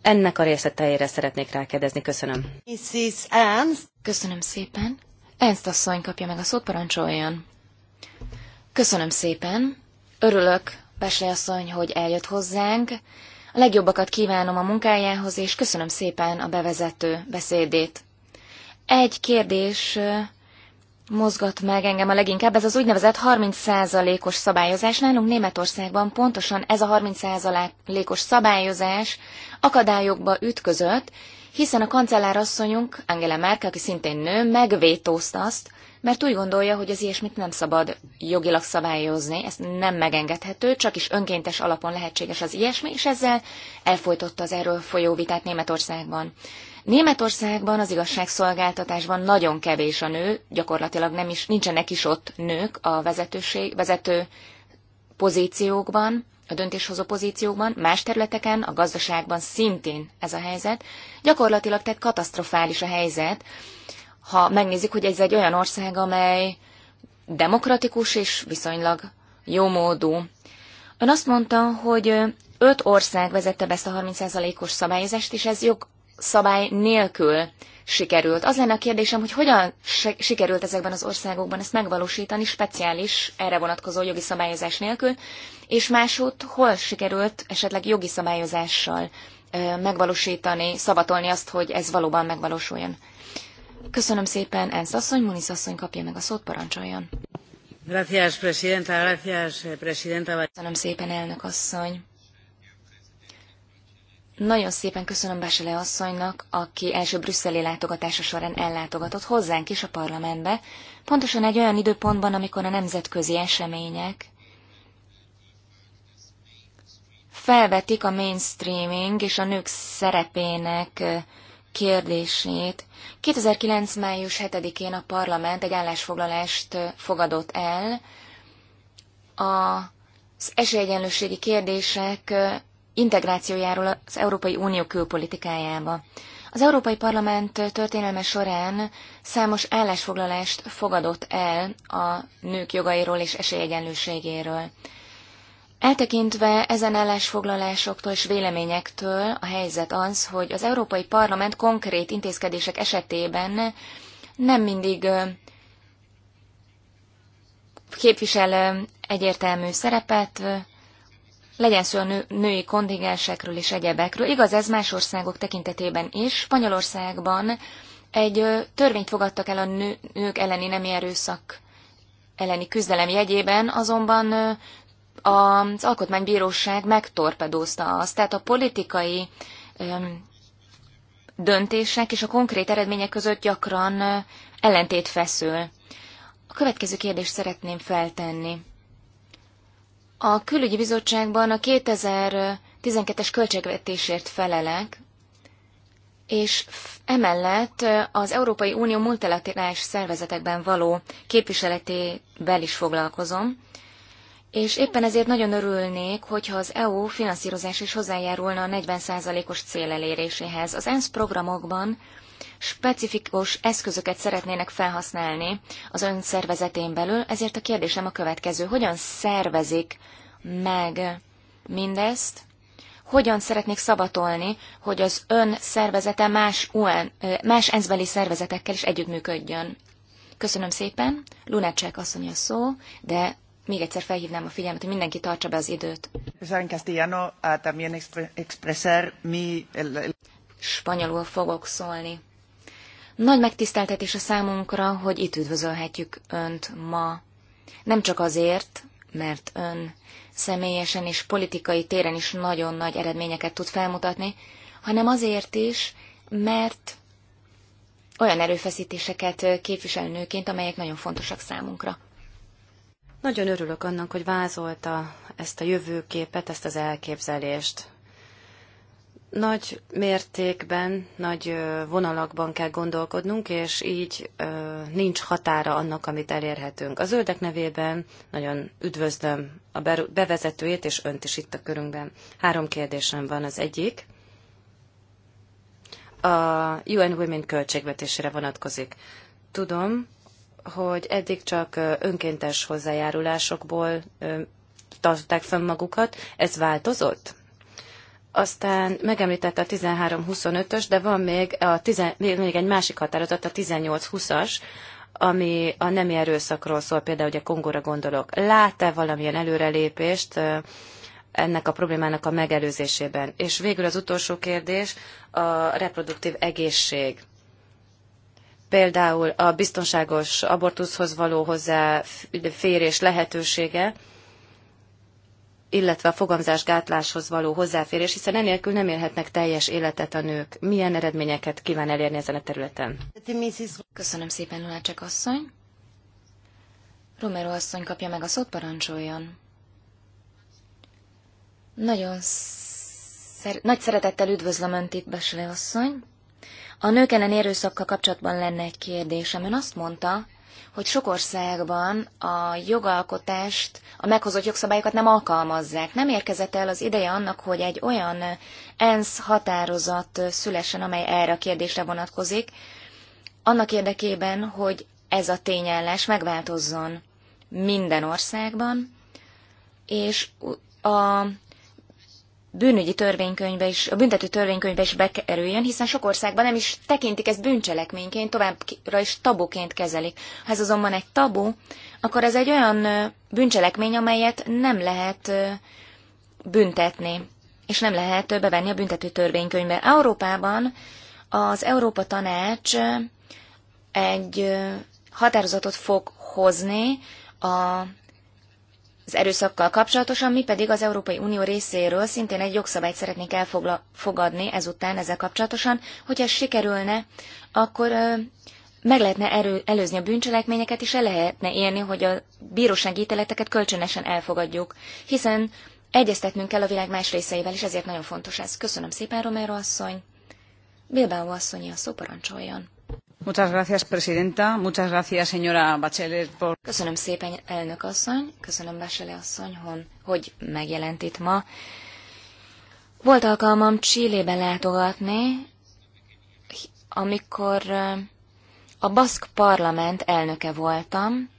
ennek a részleteire szeretnék rákérdezni. Köszönöm. Mrs. Ernst. Köszönöm szépen. Ernst asszony kapja meg a szót, parancsoljon. Köszönöm szépen. Örülök, Besle asszony, hogy eljött hozzánk. A legjobbakat kívánom a munkájához, és köszönöm szépen a bevezető beszédét. Egy kérdés mozgat meg engem a leginkább, ez az úgynevezett 30%-os szabályozás. Nálunk Németországban pontosan ez a 30%-os szabályozás akadályokba ütközött, hiszen a kancellárasszonyunk, Angela Merkel, aki szintén nő, megvétózta azt, mert úgy gondolja, hogy az ilyesmit nem szabad jogilag szabályozni, ez nem megengedhető, csak is önkéntes alapon lehetséges az ilyesmi, és ezzel elfolytotta az erről folyó vitát Németországban. Németországban az igazságszolgáltatásban nagyon kevés a nő, gyakorlatilag nem is, nincsenek is ott nők a vezetőség, vezető pozíciókban, a döntéshozó pozíciókban, más területeken, a gazdaságban szintén ez a helyzet. Gyakorlatilag tehát katasztrofális a helyzet, ha megnézzük, hogy ez egy olyan ország, amely demokratikus és viszonylag jó módú. Ön azt mondta, hogy öt ország vezette be ezt a 30%-os szabályozást, és ez jog szabály nélkül sikerült. Az lenne a kérdésem, hogy hogyan sikerült ezekben az országokban ezt megvalósítani, speciális, erre vonatkozó jogi szabályozás nélkül, és másút hol sikerült esetleg jogi szabályozással megvalósítani, szabatolni azt, hogy ez valóban megvalósuljon. Köszönöm szépen, Ensz asszony, Muniz asszony kapja meg a szót, parancsoljon. Gracias, presidenta, gracias, presidenta. Köszönöm szépen, elnök asszony. Nagyon szépen köszönöm Besele asszonynak, aki első brüsszeli látogatása során ellátogatott hozzánk is a parlamentbe, pontosan egy olyan időpontban, amikor a nemzetközi események felvetik a mainstreaming és a nők szerepének kérdését. 2009. május 7-én a parlament egy állásfoglalást fogadott el az esélyegyenlőségi kérdések integrációjáról az Európai Unió külpolitikájába. Az Európai Parlament történelme során számos állásfoglalást fogadott el a nők jogairól és esélyegyenlőségéről. Eltekintve ezen állásfoglalásoktól és véleményektől a helyzet az, hogy az Európai Parlament konkrét intézkedések esetében nem mindig képvisel egyértelmű szerepet, legyen szó a nő, női kontingensekről és egyebekről. Igaz, ez más országok tekintetében is. Spanyolországban egy törvényt fogadtak el a nő, nők elleni nemi erőszak elleni küzdelem jegyében, azonban az alkotmánybíróság megtorpedózta azt. Tehát a politikai döntések és a konkrét eredmények között gyakran ellentét feszül. A következő kérdést szeretném feltenni. A külügyi bizottságban a 2012-es költségvetésért felelek, és emellett az Európai Unió multilaterális szervezetekben való képviseletével is foglalkozom, és éppen ezért nagyon örülnék, hogyha az EU finanszírozás is hozzájárulna a 40%-os cél eléréséhez. Az ENSZ programokban specifikus eszközöket szeretnének felhasználni az ön szervezetén belül, ezért a kérdésem a következő. Hogyan szervezik meg mindezt? Hogyan szeretnék szabatolni, hogy az ön szervezete más, UN, más ENSZ-beli szervezetekkel is együttműködjön? Köszönöm szépen, Lunácsák asszony a szó, de még egyszer felhívnám a figyelmet, hogy mindenki tartsa be az időt. Spanyolul fogok szólni. Nagy megtiszteltetés a számunkra, hogy itt üdvözölhetjük Önt ma. Nem csak azért, mert Ön személyesen és politikai téren is nagyon nagy eredményeket tud felmutatni, hanem azért is, mert olyan erőfeszítéseket képvisel nőként, amelyek nagyon fontosak számunkra. Nagyon örülök annak, hogy vázolta ezt a jövőképet, ezt az elképzelést nagy mértékben, nagy vonalakban kell gondolkodnunk, és így nincs határa annak, amit elérhetünk. A zöldek nevében nagyon üdvözlöm a bevezetőjét, és önt is itt a körünkben. Három kérdésem van az egyik. A UN Women költségvetésére vonatkozik. Tudom, hogy eddig csak önkéntes hozzájárulásokból tartották fenn magukat. Ez változott? Aztán megemlítette a 13-25-ös, de van még, a 10, még egy másik határozat, a 18-20-as, ami a nemi erőszakról szól, például ugye Kongóra gondolok. Lát-e valamilyen előrelépést ennek a problémának a megelőzésében? És végül az utolsó kérdés, a reproduktív egészség. Például a biztonságos abortuszhoz való hozzáférés lehetősége, illetve a fogamzásgátláshoz való hozzáférés, hiszen enélkül nem élhetnek teljes életet a nők. Milyen eredményeket kíván elérni ezen a területen? Köszönöm szépen, Lunácsek asszony. Romero asszony kapja meg a szót, parancsoljon. Nagyon szer- nagy szeretettel üdvözlöm Önt itt, Besle asszony. A nők ellen erőszakkal kapcsolatban lenne egy kérdésem. Ön azt mondta, hogy sok országban a jogalkotást, a meghozott jogszabályokat nem alkalmazzák. Nem érkezett el az ideje annak, hogy egy olyan ENSZ határozat szülessen, amely erre a kérdésre vonatkozik, annak érdekében, hogy ez a tényállás megváltozzon minden országban, és a bűnügyi törvénykönyvbe is, a büntető törvénykönyvbe is bekerüljön, hiszen sok országban nem is tekintik ezt bűncselekményként, továbbra is tabuként kezelik. Ha ez azonban egy tabu, akkor ez egy olyan bűncselekmény, amelyet nem lehet büntetni, és nem lehet bevenni a büntető törvénykönyvbe. Európában az Európa Tanács egy határozatot fog hozni a az erőszakkal kapcsolatosan, mi pedig az Európai Unió részéről szintén egy jogszabályt szeretnénk elfogadni ezután ezzel kapcsolatosan, hogyha ez sikerülne, akkor meg lehetne erő, előzni a bűncselekményeket, és el lehetne élni, hogy a bírósági ítéleteket kölcsönösen elfogadjuk, hiszen egyeztetnünk kell a világ más részeivel, és ezért nagyon fontos ez. Köszönöm szépen, Romero asszony! Bilbao asszonyi a szó parancsoljon. Muchas gracias, presidenta. Muchas gracias, señora Bachelet. Por... Köszönöm szépen, elnök asszony. Köszönöm, Bachelet asszony, hogy megjelent itt ma. Volt alkalmam Csillébe látogatni, amikor eh, a Baszk Parlament elnöke voltam,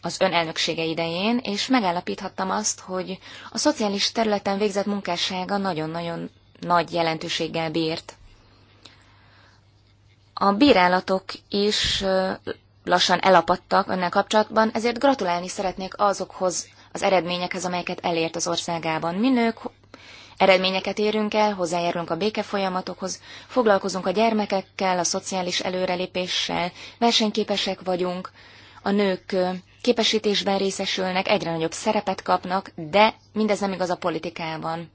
az ön elnöksége idején, és megállapíthattam azt, hogy a szociális területen végzett munkássága nagyon-nagyon nagy jelentőséggel bírt. A bírálatok is lassan elapadtak önnel kapcsolatban, ezért gratulálni szeretnék azokhoz az eredményekhez, amelyeket elért az országában. Mi nők eredményeket érünk el, hozzájárulunk a béke folyamatokhoz, foglalkozunk a gyermekekkel, a szociális előrelépéssel, versenyképesek vagyunk, a nők képesítésben részesülnek, egyre nagyobb szerepet kapnak, de mindez nem igaz a politikában.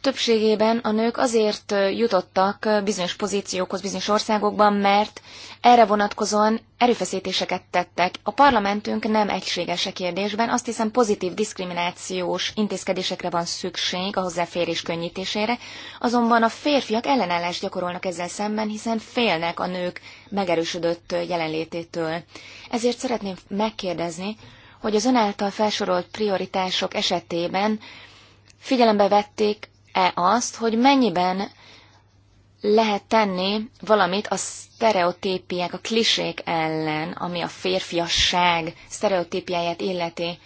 többségében a nők azért jutottak bizonyos pozíciókhoz bizonyos országokban, mert erre vonatkozóan erőfeszítéseket tettek. A parlamentünk nem egységes a e kérdésben, azt hiszem pozitív diszkriminációs intézkedésekre van szükség a hozzáférés könnyítésére, azonban a férfiak ellenállást gyakorolnak ezzel szemben, hiszen félnek a nők megerősödött jelenlététől. Ezért szeretném megkérdezni, hogy az ön által felsorolt prioritások esetében figyelembe vették e azt, hogy mennyiben lehet tenni valamit a sztereotípiák, a klisék ellen, ami a férfiasság sztereotípiáját illeti.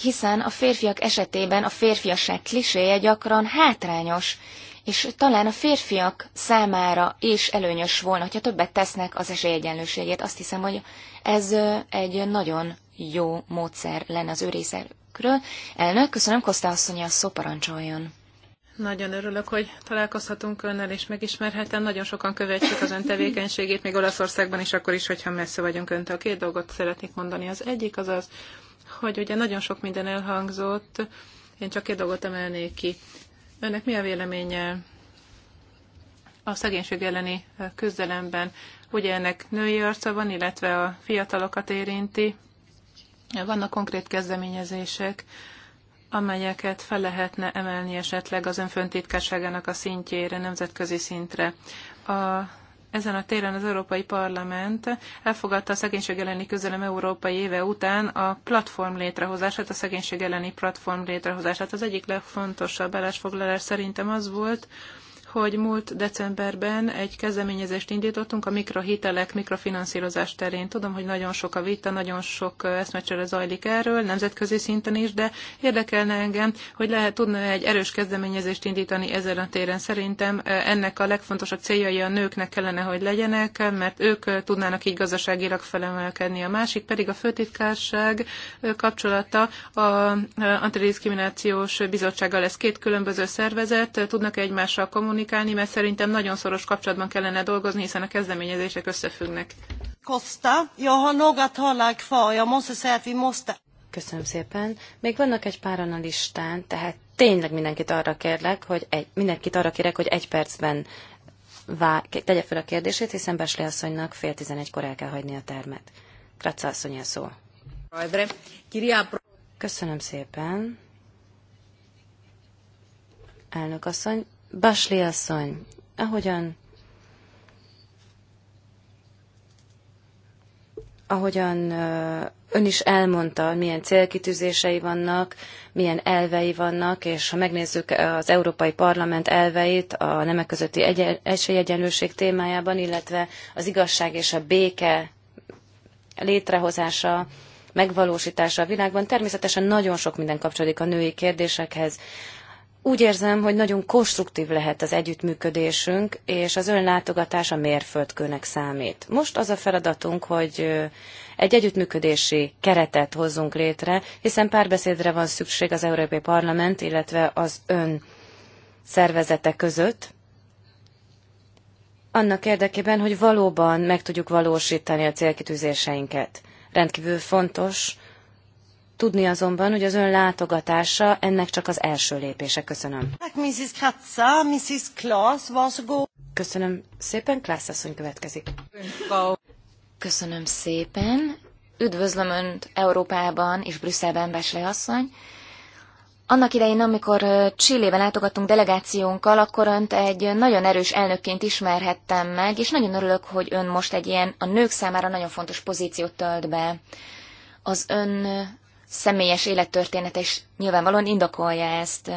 Hiszen a férfiak esetében a férfiasság kliséje gyakran hátrányos, és talán a férfiak számára is előnyös volna, ha többet tesznek az esélyegyenlőségét. Azt hiszem, hogy ez egy nagyon jó módszer lenne az ő szereplőkről. Elnök, köszönöm, Kosztá asszony, a szó parancsoljon. Nagyon örülök, hogy találkozhatunk önnel, és megismerhetem. Nagyon sokan követjük az ön tevékenységét, még Olaszországban is, akkor is, hogyha messze vagyunk öntől. Két dolgot szeretnék mondani. Az egyik az az, hogy ugye nagyon sok minden elhangzott, én csak két dolgot emelnék ki. Önnek mi a véleménye a szegénység elleni küzdelemben? Ugye ennek női arca van, illetve a fiatalokat érinti, vannak konkrét kezdeményezések, amelyeket fel lehetne emelni esetleg az önföntitkárságának a szintjére, nemzetközi szintre. A ezen a téren az Európai Parlament elfogadta a szegénység elleni közelem európai éve után a platform létrehozását, a szegénység elleni platform létrehozását. Az egyik legfontosabb állásfoglalás szerintem az volt, hogy múlt decemberben egy kezdeményezést indítottunk a mikrohitelek, mikrofinanszírozás terén. Tudom, hogy nagyon sok a vita, nagyon sok eszmecsere zajlik erről, nemzetközi szinten is, de érdekelne engem, hogy lehet tudna egy erős kezdeményezést indítani ezen a téren. Szerintem ennek a legfontosabb céljai a nőknek kellene, hogy legyenek, mert ők tudnának így gazdaságilag felemelkedni. A másik pedig a főtitkárság kapcsolata a antidiszkriminációs bizottsággal. Ez két különböző szervezet, tudnak egymással kommunikálni, kommunikálni, mert szerintem nagyon szoros kapcsolatban kellene dolgozni, hiszen a kezdeményezések összefüggnek. Costa, jó ha några talare kvar. Jag måste säga att Köszönöm szépen. Még vannak egy páran a listán, tehát tényleg mindenkit arra kérlek, hogy egy, mindenkit arra kérek, hogy egy percben vá, tegye fel a kérdését, hiszen Besle asszonynak fél tizenegykor el kell hagyni a termet. Kratza asszony a szó. Köszönöm szépen. Elnök asszony, Basli asszony, ahogyan ahogyan ön is elmondta, milyen célkitűzései vannak, milyen elvei vannak, és ha megnézzük az Európai Parlament elveit a nemek közötti egyen, esélyegyenlőség témájában, illetve az igazság és a béke létrehozása, megvalósítása a világban, természetesen nagyon sok minden kapcsolódik a női kérdésekhez. Úgy érzem, hogy nagyon konstruktív lehet az együttműködésünk, és az ön látogatása mérföldkőnek számít. Most az a feladatunk, hogy egy együttműködési keretet hozzunk létre, hiszen párbeszédre van szükség az Európai Parlament, illetve az ön szervezete között, annak érdekében, hogy valóban meg tudjuk valósítani a célkitűzéseinket. Rendkívül fontos, Tudni azonban, hogy az ön látogatása ennek csak az első lépése. Köszönöm. Hát, Mrs. Kratza, Mrs. Klaas, varsågod. Köszönöm szépen, Klász asszony következik. Köszönöm szépen. Üdvözlöm Önt Európában és Brüsszelben, Besley asszony. Annak idején, amikor Csillében látogattunk delegációnkkal, akkor önt egy nagyon erős elnökként ismerhettem meg, és nagyon örülök, hogy ön most egy ilyen a nők számára nagyon fontos pozíciót tölt be. Az ön személyes élettörténete is nyilvánvalóan indokolja ezt.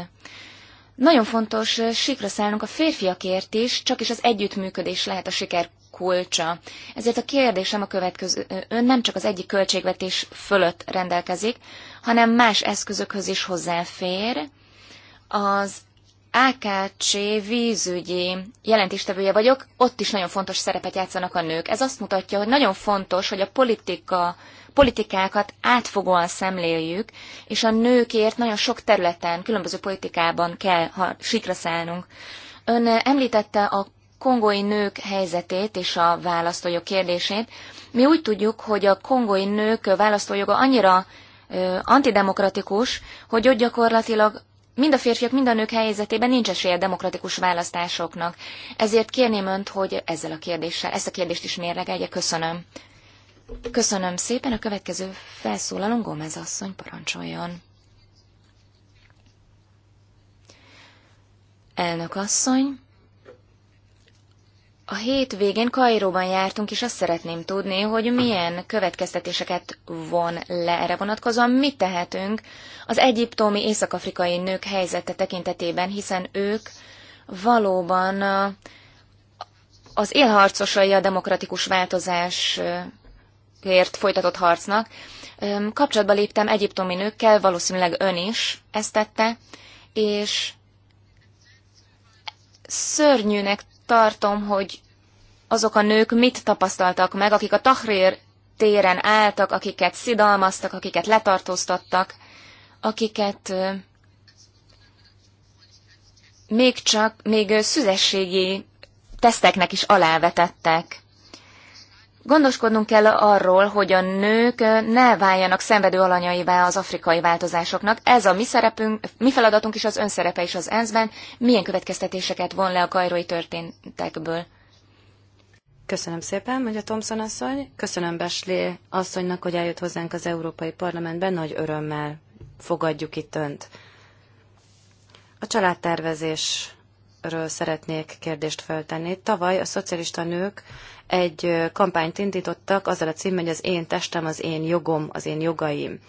Nagyon fontos sikra szállnunk a férfiakért is, csak is az együttműködés lehet a siker kulcsa. Ezért a kérdésem a következő. Ön nem csak az egyik költségvetés fölött rendelkezik, hanem más eszközökhöz is hozzáfér. Az AKC vízügyi jelentéstevője vagyok, ott is nagyon fontos szerepet játszanak a nők. Ez azt mutatja, hogy nagyon fontos, hogy a politika politikákat átfogóan szemléljük, és a nőkért nagyon sok területen, különböző politikában kell ha sikra szállnunk. Ön említette a kongói nők helyzetét és a választójog kérdését. Mi úgy tudjuk, hogy a kongói nők választójoga annyira ö, antidemokratikus, hogy ott gyakorlatilag mind a férfiak, mind a nők helyzetében nincs esélye demokratikus választásoknak. Ezért kérném önt, hogy ezzel a kérdéssel, ezt a kérdést is mérlegelje. Köszönöm. Köszönöm szépen. A következő felszólalon Gómez asszony parancsoljon. Elnök asszony, a végén Kairóban jártunk, és azt szeretném tudni, hogy milyen következtetéseket von le erre vonatkozóan, mit tehetünk az egyiptomi észak-afrikai nők helyzete tekintetében, hiszen ők valóban az élharcosai a demokratikus változás ért folytatott harcnak. Kapcsolatba léptem egyiptomi nőkkel, valószínűleg ön is ezt tette, és szörnyűnek tartom, hogy azok a nők mit tapasztaltak meg, akik a Tahrir téren álltak, akiket szidalmaztak, akiket letartóztattak, akiket még csak, még szüzességi teszteknek is alávetettek. Gondoskodnunk kell arról, hogy a nők eh, ne váljanak szenvedő alanyaivá az afrikai változásoknak. Ez a mi szerepünk, mi feladatunk is az önszerepe is az ENSZ-ben. Milyen következtetéseket von le a kairói történtekből? Köszönöm szépen, a Thompson asszony. Köszönöm Beslé asszonynak, hogy eljött hozzánk az Európai Parlamentben. Nagy örömmel fogadjuk itt önt. A családtervezésről szeretnék kérdést feltenni. Tavaly a szocialista nők egy kampányt indítottak azzal a címmel, hogy az én testem, az én jogom, az én jogaim.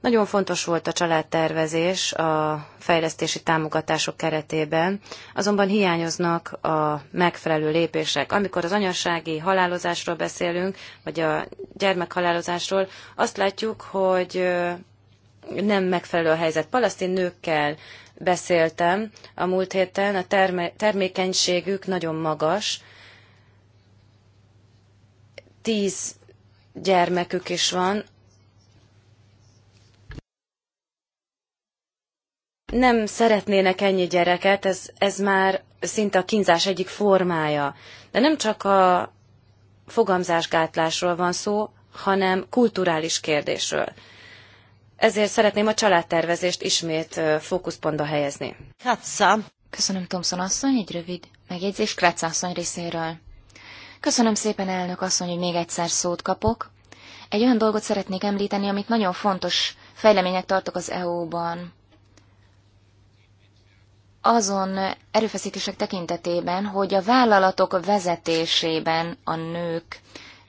Nagyon fontos volt a családtervezés a fejlesztési támogatások keretében, azonban hiányoznak a megfelelő lépések. Amikor az anyasági halálozásról beszélünk, vagy a gyermekhalálozásról, azt látjuk, hogy nem megfelelő a helyzet. Palasztin nőkkel beszéltem a múlt héten, a termékenységük nagyon magas, tíz gyermekük is van. Nem szeretnének ennyi gyereket, ez, ez már szinte a kínzás egyik formája. De nem csak a fogamzásgátlásról van szó, hanem kulturális kérdésről. Ezért szeretném a családtervezést ismét fókuszpontba helyezni. Köszönöm, Thomson asszony, egy rövid megjegyzés Kratza asszony részéről. Köszönöm szépen, elnök asszony, hogy még egyszer szót kapok. Egy olyan dolgot szeretnék említeni, amit nagyon fontos fejlemények tartok az EU-ban. Azon erőfeszítések tekintetében, hogy a vállalatok vezetésében a nők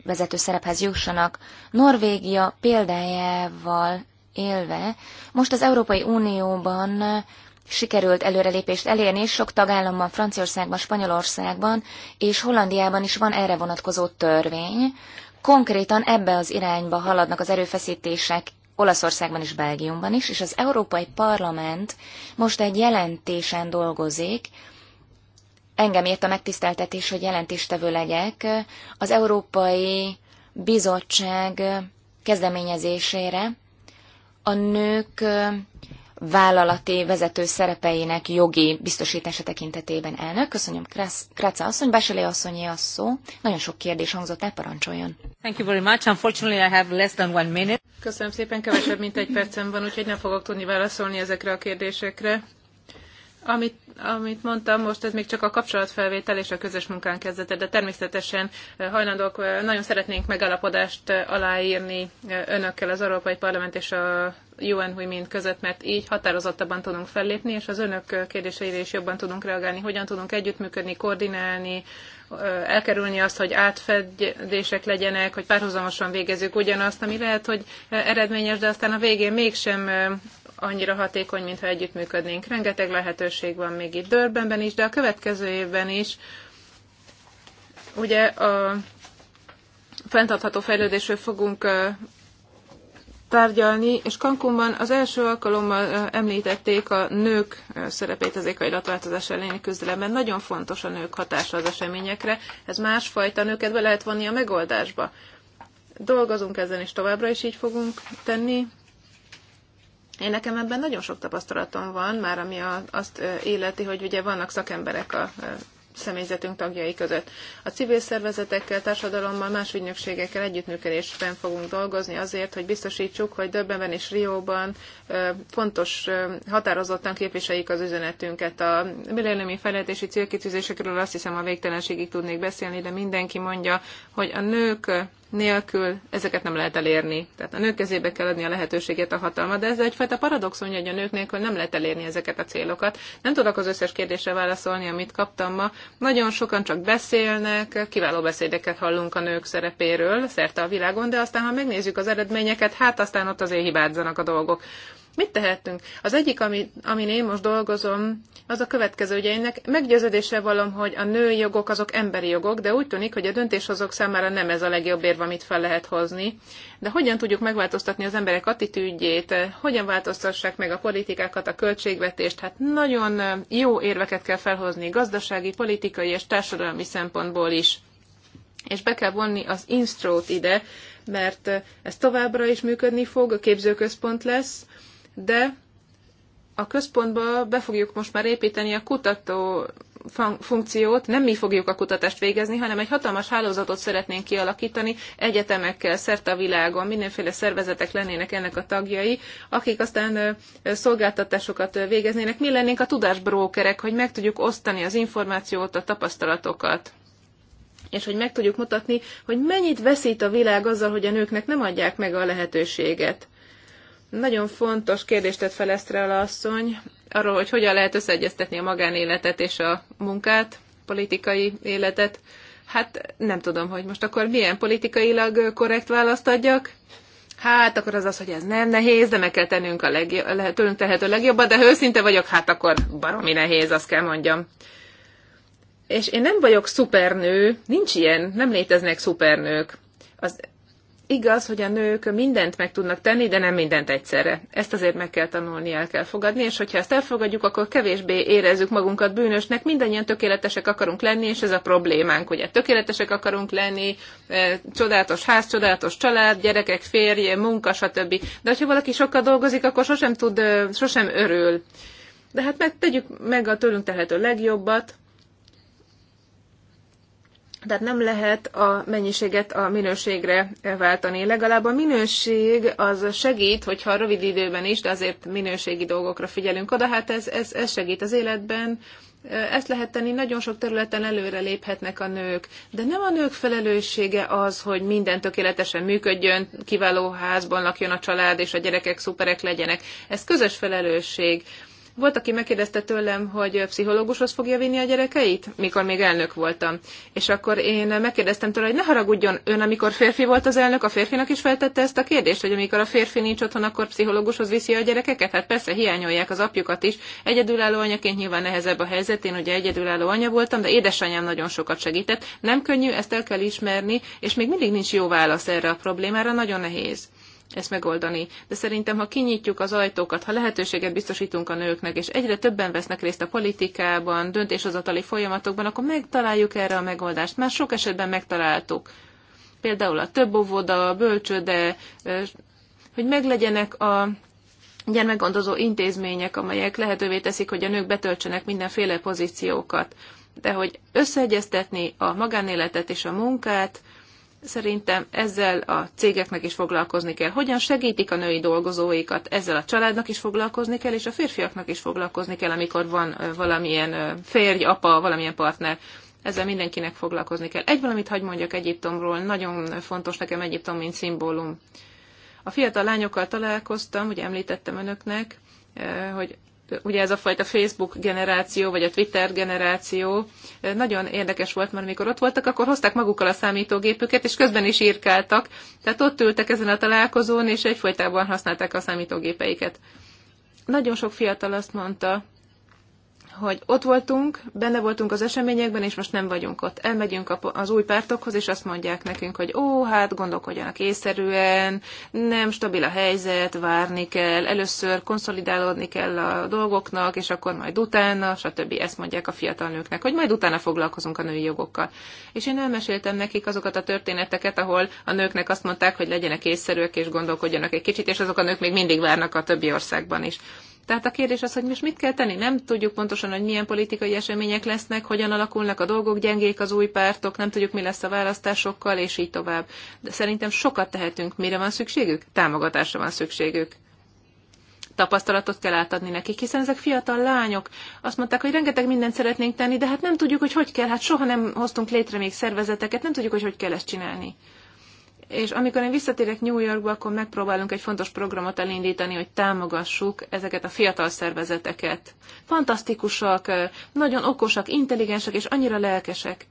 vezető szerephez jussanak, Norvégia példájával élve, most az Európai Unióban sikerült előrelépést elérni, és sok tagállamban, Franciaországban, Spanyolországban és Hollandiában is van erre vonatkozó törvény. Konkrétan ebbe az irányba haladnak az erőfeszítések Olaszországban és Belgiumban is, és az Európai Parlament most egy jelentésen dolgozik, engem ért a megtiszteltetés, hogy jelentéstevő legyek, az Európai Bizottság kezdeményezésére a nők vállalati vezető szerepeinek jogi biztosítása tekintetében elnök. Köszönöm Kráca asszony, Beselé asszonyi a szó. Nagyon sok kérdés hangzott el, parancsoljon. Thank you very much. Unfortunately, I have less than one minute. Köszönöm szépen, kevesebb, mint egy percem van, úgyhogy nem fogok tudni válaszolni ezekre a kérdésekre. Amit, amit mondtam most, ez még csak a kapcsolatfelvétel és a közös munkán kezdete, de természetesen eh, hajlandók, eh, nagyon szeretnénk megállapodást eh, aláírni önökkel, az Európai Parlament és a UN Women között, mert így határozottabban tudunk fellépni, és az önök kérdéseire is jobban tudunk reagálni, hogyan tudunk együttműködni, koordinálni, elkerülni azt, hogy átfedések legyenek, hogy párhuzamosan végezzük ugyanazt, ami lehet, hogy eredményes, de aztán a végén mégsem annyira hatékony, mintha együttműködnénk. Rengeteg lehetőség van még itt Dörbenben is, de a következő évben is. Ugye a fenntartható fejlődésről fogunk tárgyalni, és Cancúnban az első alkalommal említették a nők szerepét az éghajlatváltozás elleni küzdelemben. Nagyon fontos a nők hatása az eseményekre. Ez másfajta nőket be lehet vonni a megoldásba. Dolgozunk ezen is továbbra, is így fogunk tenni. Én nekem ebben nagyon sok tapasztalatom van, már ami azt életi, hogy ugye vannak szakemberek a személyzetünk tagjai között. A civil szervezetekkel, társadalommal, más ügynökségekkel együttműködésben fogunk dolgozni azért, hogy biztosítsuk, hogy Döbbenben és Rióban fontos, határozottan képviseljük az üzenetünket. A millenniumi fejlesztési célkitűzésekről azt hiszem a végtelenségig tudnék beszélni, de mindenki mondja, hogy a nők nélkül ezeket nem lehet elérni. Tehát a nők kezébe kell adni a lehetőséget, a hatalmat, de ez egyfajta paradoxon, hogy a nők nélkül nem lehet elérni ezeket a célokat. Nem tudok az összes kérdésre válaszolni, amit kaptam ma. Nagyon sokan csak beszélnek, kiváló beszédeket hallunk a nők szerepéről szerte a világon, de aztán, ha megnézzük az eredményeket, hát aztán ott azért hibázzanak a dolgok. Mit tehetünk? Az egyik, ami, amin én most dolgozom, az a következő. hogy én meggyőződéssel valom, hogy a női jogok azok emberi jogok, de úgy tűnik, hogy a döntéshozók számára nem ez a legjobb érv, amit fel lehet hozni. De hogyan tudjuk megváltoztatni az emberek attitűdjét, hogyan változtassák meg a politikákat, a költségvetést? Hát nagyon jó érveket kell felhozni gazdasági, politikai és társadalmi szempontból is. És be kell vonni az instrót ide, mert ez továbbra is működni fog, a képzőközpont lesz, de a központba be fogjuk most már építeni a kutató funkciót, nem mi fogjuk a kutatást végezni, hanem egy hatalmas hálózatot szeretnénk kialakítani egyetemekkel szerte a világon, mindenféle szervezetek lennének ennek a tagjai, akik aztán szolgáltatásokat végeznének. Mi lennénk a tudásbrókerek, hogy meg tudjuk osztani az információt, a tapasztalatokat és hogy meg tudjuk mutatni, hogy mennyit veszít a világ azzal, hogy a nőknek nem adják meg a lehetőséget nagyon fontos kérdést tett fel Esztrel asszony, arról, hogy hogyan lehet összeegyeztetni a magánéletet és a munkát, politikai életet. Hát nem tudom, hogy most akkor milyen politikailag korrekt választ adjak. Hát akkor az az, hogy ez nem nehéz, de meg kell tennünk a legjobb, tőlünk tehető legjobbat, de ha őszinte vagyok, hát akkor baromi nehéz, azt kell mondjam. És én nem vagyok szupernő, nincs ilyen, nem léteznek szupernők. Az Igaz, hogy a nők mindent meg tudnak tenni, de nem mindent egyszerre. Ezt azért meg kell tanulni, el kell fogadni, és hogyha ezt elfogadjuk, akkor kevésbé érezzük magunkat bűnösnek, mindannyian tökéletesek akarunk lenni, és ez a problémánk, ugye tökéletesek akarunk lenni, eh, csodálatos ház, csodálatos család, gyerekek, férje, munka, stb. De ha valaki sokkal dolgozik, akkor sosem tud, eh, sosem örül. De hát meg, tegyük meg a tőlünk tehető legjobbat, tehát nem lehet a mennyiséget a minőségre váltani. Legalább a minőség az segít, hogyha rövid időben is, de azért minőségi dolgokra figyelünk oda, hát ez, ez, ez segít az életben. Ezt lehet tenni, nagyon sok területen előre léphetnek a nők, de nem a nők felelőssége az, hogy minden tökéletesen működjön, kiváló házban lakjon a család, és a gyerekek szuperek legyenek. Ez közös felelősség volt, aki megkérdezte tőlem, hogy pszichológushoz fogja vinni a gyerekeit, mikor még elnök voltam. És akkor én megkérdeztem tőle, hogy ne haragudjon ön, amikor férfi volt az elnök, a férfinak is feltette ezt a kérdést, hogy amikor a férfi nincs otthon, akkor pszichológushoz viszi a gyerekeket? Hát persze hiányolják az apjukat is. Egyedülálló anyaként nyilván nehezebb a helyzet, én ugye egyedülálló anya voltam, de édesanyám nagyon sokat segített. Nem könnyű, ezt el kell ismerni, és még mindig nincs jó válasz erre a problémára, nagyon nehéz ezt megoldani. De szerintem, ha kinyitjuk az ajtókat, ha lehetőséget biztosítunk a nőknek, és egyre többen vesznek részt a politikában, döntéshozatali folyamatokban, akkor megtaláljuk erre a megoldást. Már sok esetben megtaláltuk. Például a több óvoda, a bölcsőde, hogy meglegyenek a gyermekgondozó intézmények, amelyek lehetővé teszik, hogy a nők betöltsenek mindenféle pozíciókat. De hogy összeegyeztetni a magánéletet és a munkát, Szerintem ezzel a cégeknek is foglalkozni kell. Hogyan segítik a női dolgozóikat? Ezzel a családnak is foglalkozni kell, és a férfiaknak is foglalkozni kell, amikor van valamilyen férj, apa, valamilyen partner ezzel mindenkinek foglalkozni kell. Egy valamit hagy mondjak Egyiptomról, nagyon fontos nekem Egyiptom, mint szimbólum. A fiatal lányokkal találkoztam, ugye említettem önöknek, hogy ugye ez a fajta Facebook generáció, vagy a Twitter generáció nagyon érdekes volt, mert amikor ott voltak, akkor hozták magukkal a számítógépüket, és közben is írkáltak. Tehát ott ültek ezen a találkozón, és egyfolytában használták a számítógépeiket. Nagyon sok fiatal azt mondta, hogy ott voltunk, benne voltunk az eseményekben, és most nem vagyunk ott. Elmegyünk az új pártokhoz, és azt mondják nekünk, hogy ó, hát gondolkodjanak észszerűen, nem stabil a helyzet, várni kell, először konszolidálódni kell a dolgoknak, és akkor majd utána, stb. Ezt mondják a fiatal nőknek, hogy majd utána foglalkozunk a női jogokkal. És én elmeséltem nekik azokat a történeteket, ahol a nőknek azt mondták, hogy legyenek észszerűek, és gondolkodjanak egy kicsit, és azok a nők még mindig várnak a többi országban is. Tehát a kérdés az, hogy most mit kell tenni. Nem tudjuk pontosan, hogy milyen politikai események lesznek, hogyan alakulnak a dolgok, gyengék az új pártok, nem tudjuk, mi lesz a választásokkal, és így tovább. De szerintem sokat tehetünk. Mire van szükségük? Támogatásra van szükségük tapasztalatot kell átadni nekik, hiszen ezek fiatal lányok. Azt mondták, hogy rengeteg mindent szeretnénk tenni, de hát nem tudjuk, hogy hogy kell. Hát soha nem hoztunk létre még szervezeteket, nem tudjuk, hogy hogy kell ezt csinálni és amikor én visszatérek New Yorkba, akkor megpróbálunk egy fontos programot elindítani, hogy támogassuk ezeket a fiatal szervezeteket. Fantasztikusak, nagyon okosak, intelligensek és annyira lelkesek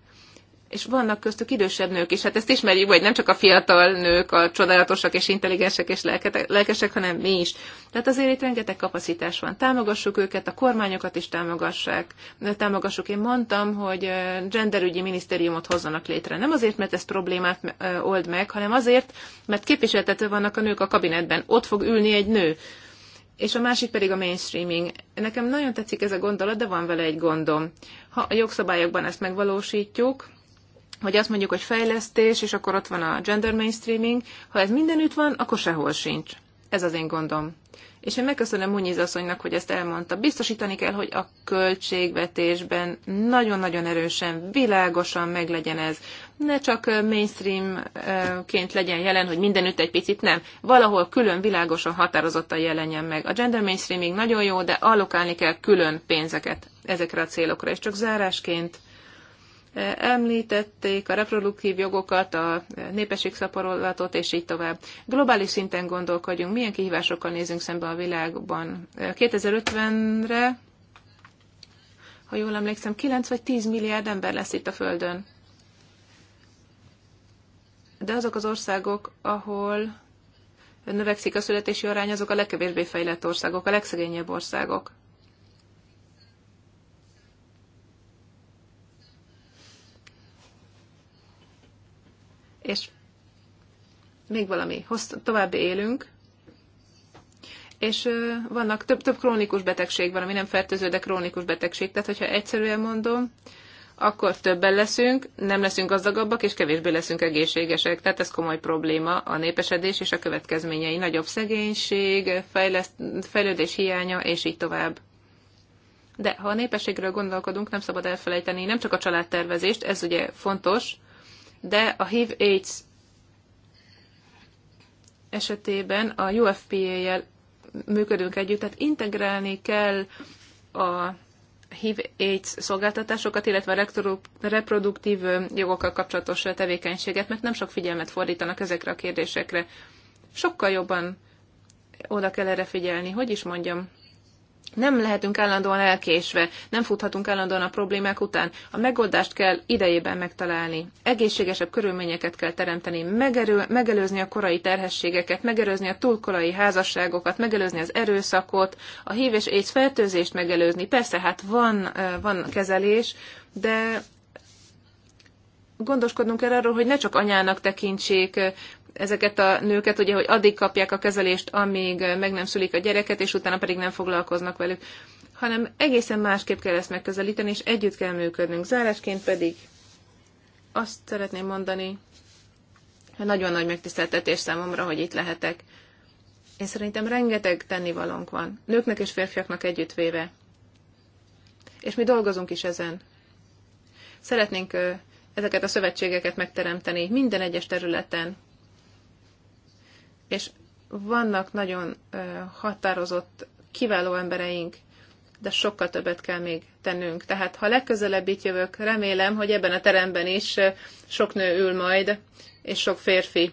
és vannak köztük idősebb nők is. Hát ezt ismerjük, hogy nem csak a fiatal nők a csodálatosak és intelligensek és lelkesek, hanem mi is. Tehát azért itt rengeteg kapacitás van. Támogassuk őket, a kormányokat is támogassák. Támogassuk. Én mondtam, hogy genderügyi minisztériumot hozzanak létre. Nem azért, mert ez problémát old meg, hanem azért, mert képviseltető vannak a nők a kabinetben. Ott fog ülni egy nő. És a másik pedig a mainstreaming. Nekem nagyon tetszik ez a gondolat, de van vele egy gondom. Ha a jogszabályokban ezt megvalósítjuk, hogy azt mondjuk, hogy fejlesztés, és akkor ott van a gender mainstreaming, ha ez mindenütt van, akkor sehol sincs. Ez az én gondom. És én megköszönöm Munyiz asszonynak, hogy ezt elmondta. Biztosítani kell, hogy a költségvetésben nagyon-nagyon erősen, világosan meglegyen ez. Ne csak mainstreamként legyen jelen, hogy mindenütt egy picit nem. Valahol külön világosan, határozottan jelenjen meg. A gender mainstreaming nagyon jó, de allokálni kell külön pénzeket ezekre a célokra. És csak zárásként Említették a reproduktív jogokat, a népességszaporolatot, és így tovább. Globális szinten gondolkodjunk, milyen kihívásokkal nézünk szembe a világban. 2050-re, ha jól emlékszem, 9 vagy 10 milliárd ember lesz itt a Földön. De azok az országok, ahol növekszik a születési arány, azok a legkevésbé fejlett országok, a legszegényebb országok. és még valami, hossz, tovább élünk, és vannak több, több krónikus betegség van, ami nem fertőző, de krónikus betegség. Tehát, hogyha egyszerűen mondom, akkor többen leszünk, nem leszünk gazdagabbak, és kevésbé leszünk egészségesek. Tehát ez komoly probléma, a népesedés és a következményei. Nagyobb szegénység, fejleszt, fejlődés hiánya, és így tovább. De ha a népességről gondolkodunk, nem szabad elfelejteni nem csak a családtervezést, ez ugye fontos, de a HIV-AIDS esetében a UFPA-jel működünk együtt, tehát integrálni kell a HIV-AIDS szolgáltatásokat, illetve a reproduktív jogokkal kapcsolatos tevékenységet, mert nem sok figyelmet fordítanak ezekre a kérdésekre. Sokkal jobban oda kell erre figyelni, hogy is mondjam nem lehetünk állandóan elkésve, nem futhatunk állandóan a problémák után. A megoldást kell idejében megtalálni. Egészségesebb körülményeket kell teremteni, megerő, megelőzni a korai terhességeket, megelőzni a túlkorai házasságokat, megelőzni az erőszakot, a hív és AIDS fertőzést megelőzni. Persze, hát van, van kezelés, de gondoskodnunk kell arról, hogy ne csak anyának tekintsék ezeket a nőket, ugye, hogy addig kapják a kezelést, amíg meg nem szülik a gyereket, és utána pedig nem foglalkoznak velük, hanem egészen másképp kell ezt megközelíteni, és együtt kell működnünk. Zárásként pedig azt szeretném mondani, hogy nagyon nagy megtiszteltetés számomra, hogy itt lehetek. Én szerintem rengeteg tennivalónk van, nőknek és férfiaknak együttvéve. És mi dolgozunk is ezen. Szeretnénk ezeket a szövetségeket megteremteni minden egyes területen és vannak nagyon határozott, kiváló embereink, de sokkal többet kell még tennünk. Tehát ha legközelebb itt jövök, remélem, hogy ebben a teremben is sok nő ül majd, és sok férfi.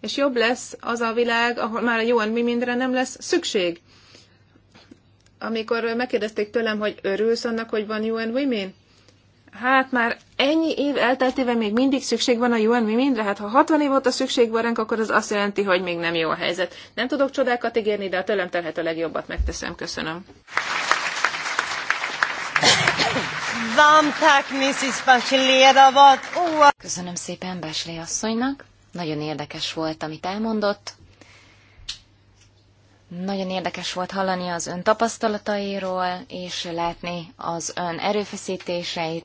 És jobb lesz az a világ, ahol már jóan mi mindre nem lesz szükség. Amikor megkérdezték tőlem, hogy örülsz annak, hogy van UN Women, Hát már ennyi év elteltével még mindig szükség van a UN mi mindre? Hát ha 60 év óta szükség van ránk, akkor az azt jelenti, hogy még nem jó a helyzet. Nem tudok csodákat ígérni, de a tőlem telhet a legjobbat megteszem. Köszönöm. Köszönöm szépen Besli asszonynak. Nagyon érdekes volt, amit elmondott. Nagyon érdekes volt hallani az ön tapasztalatairól, és látni az ön erőfeszítéseit.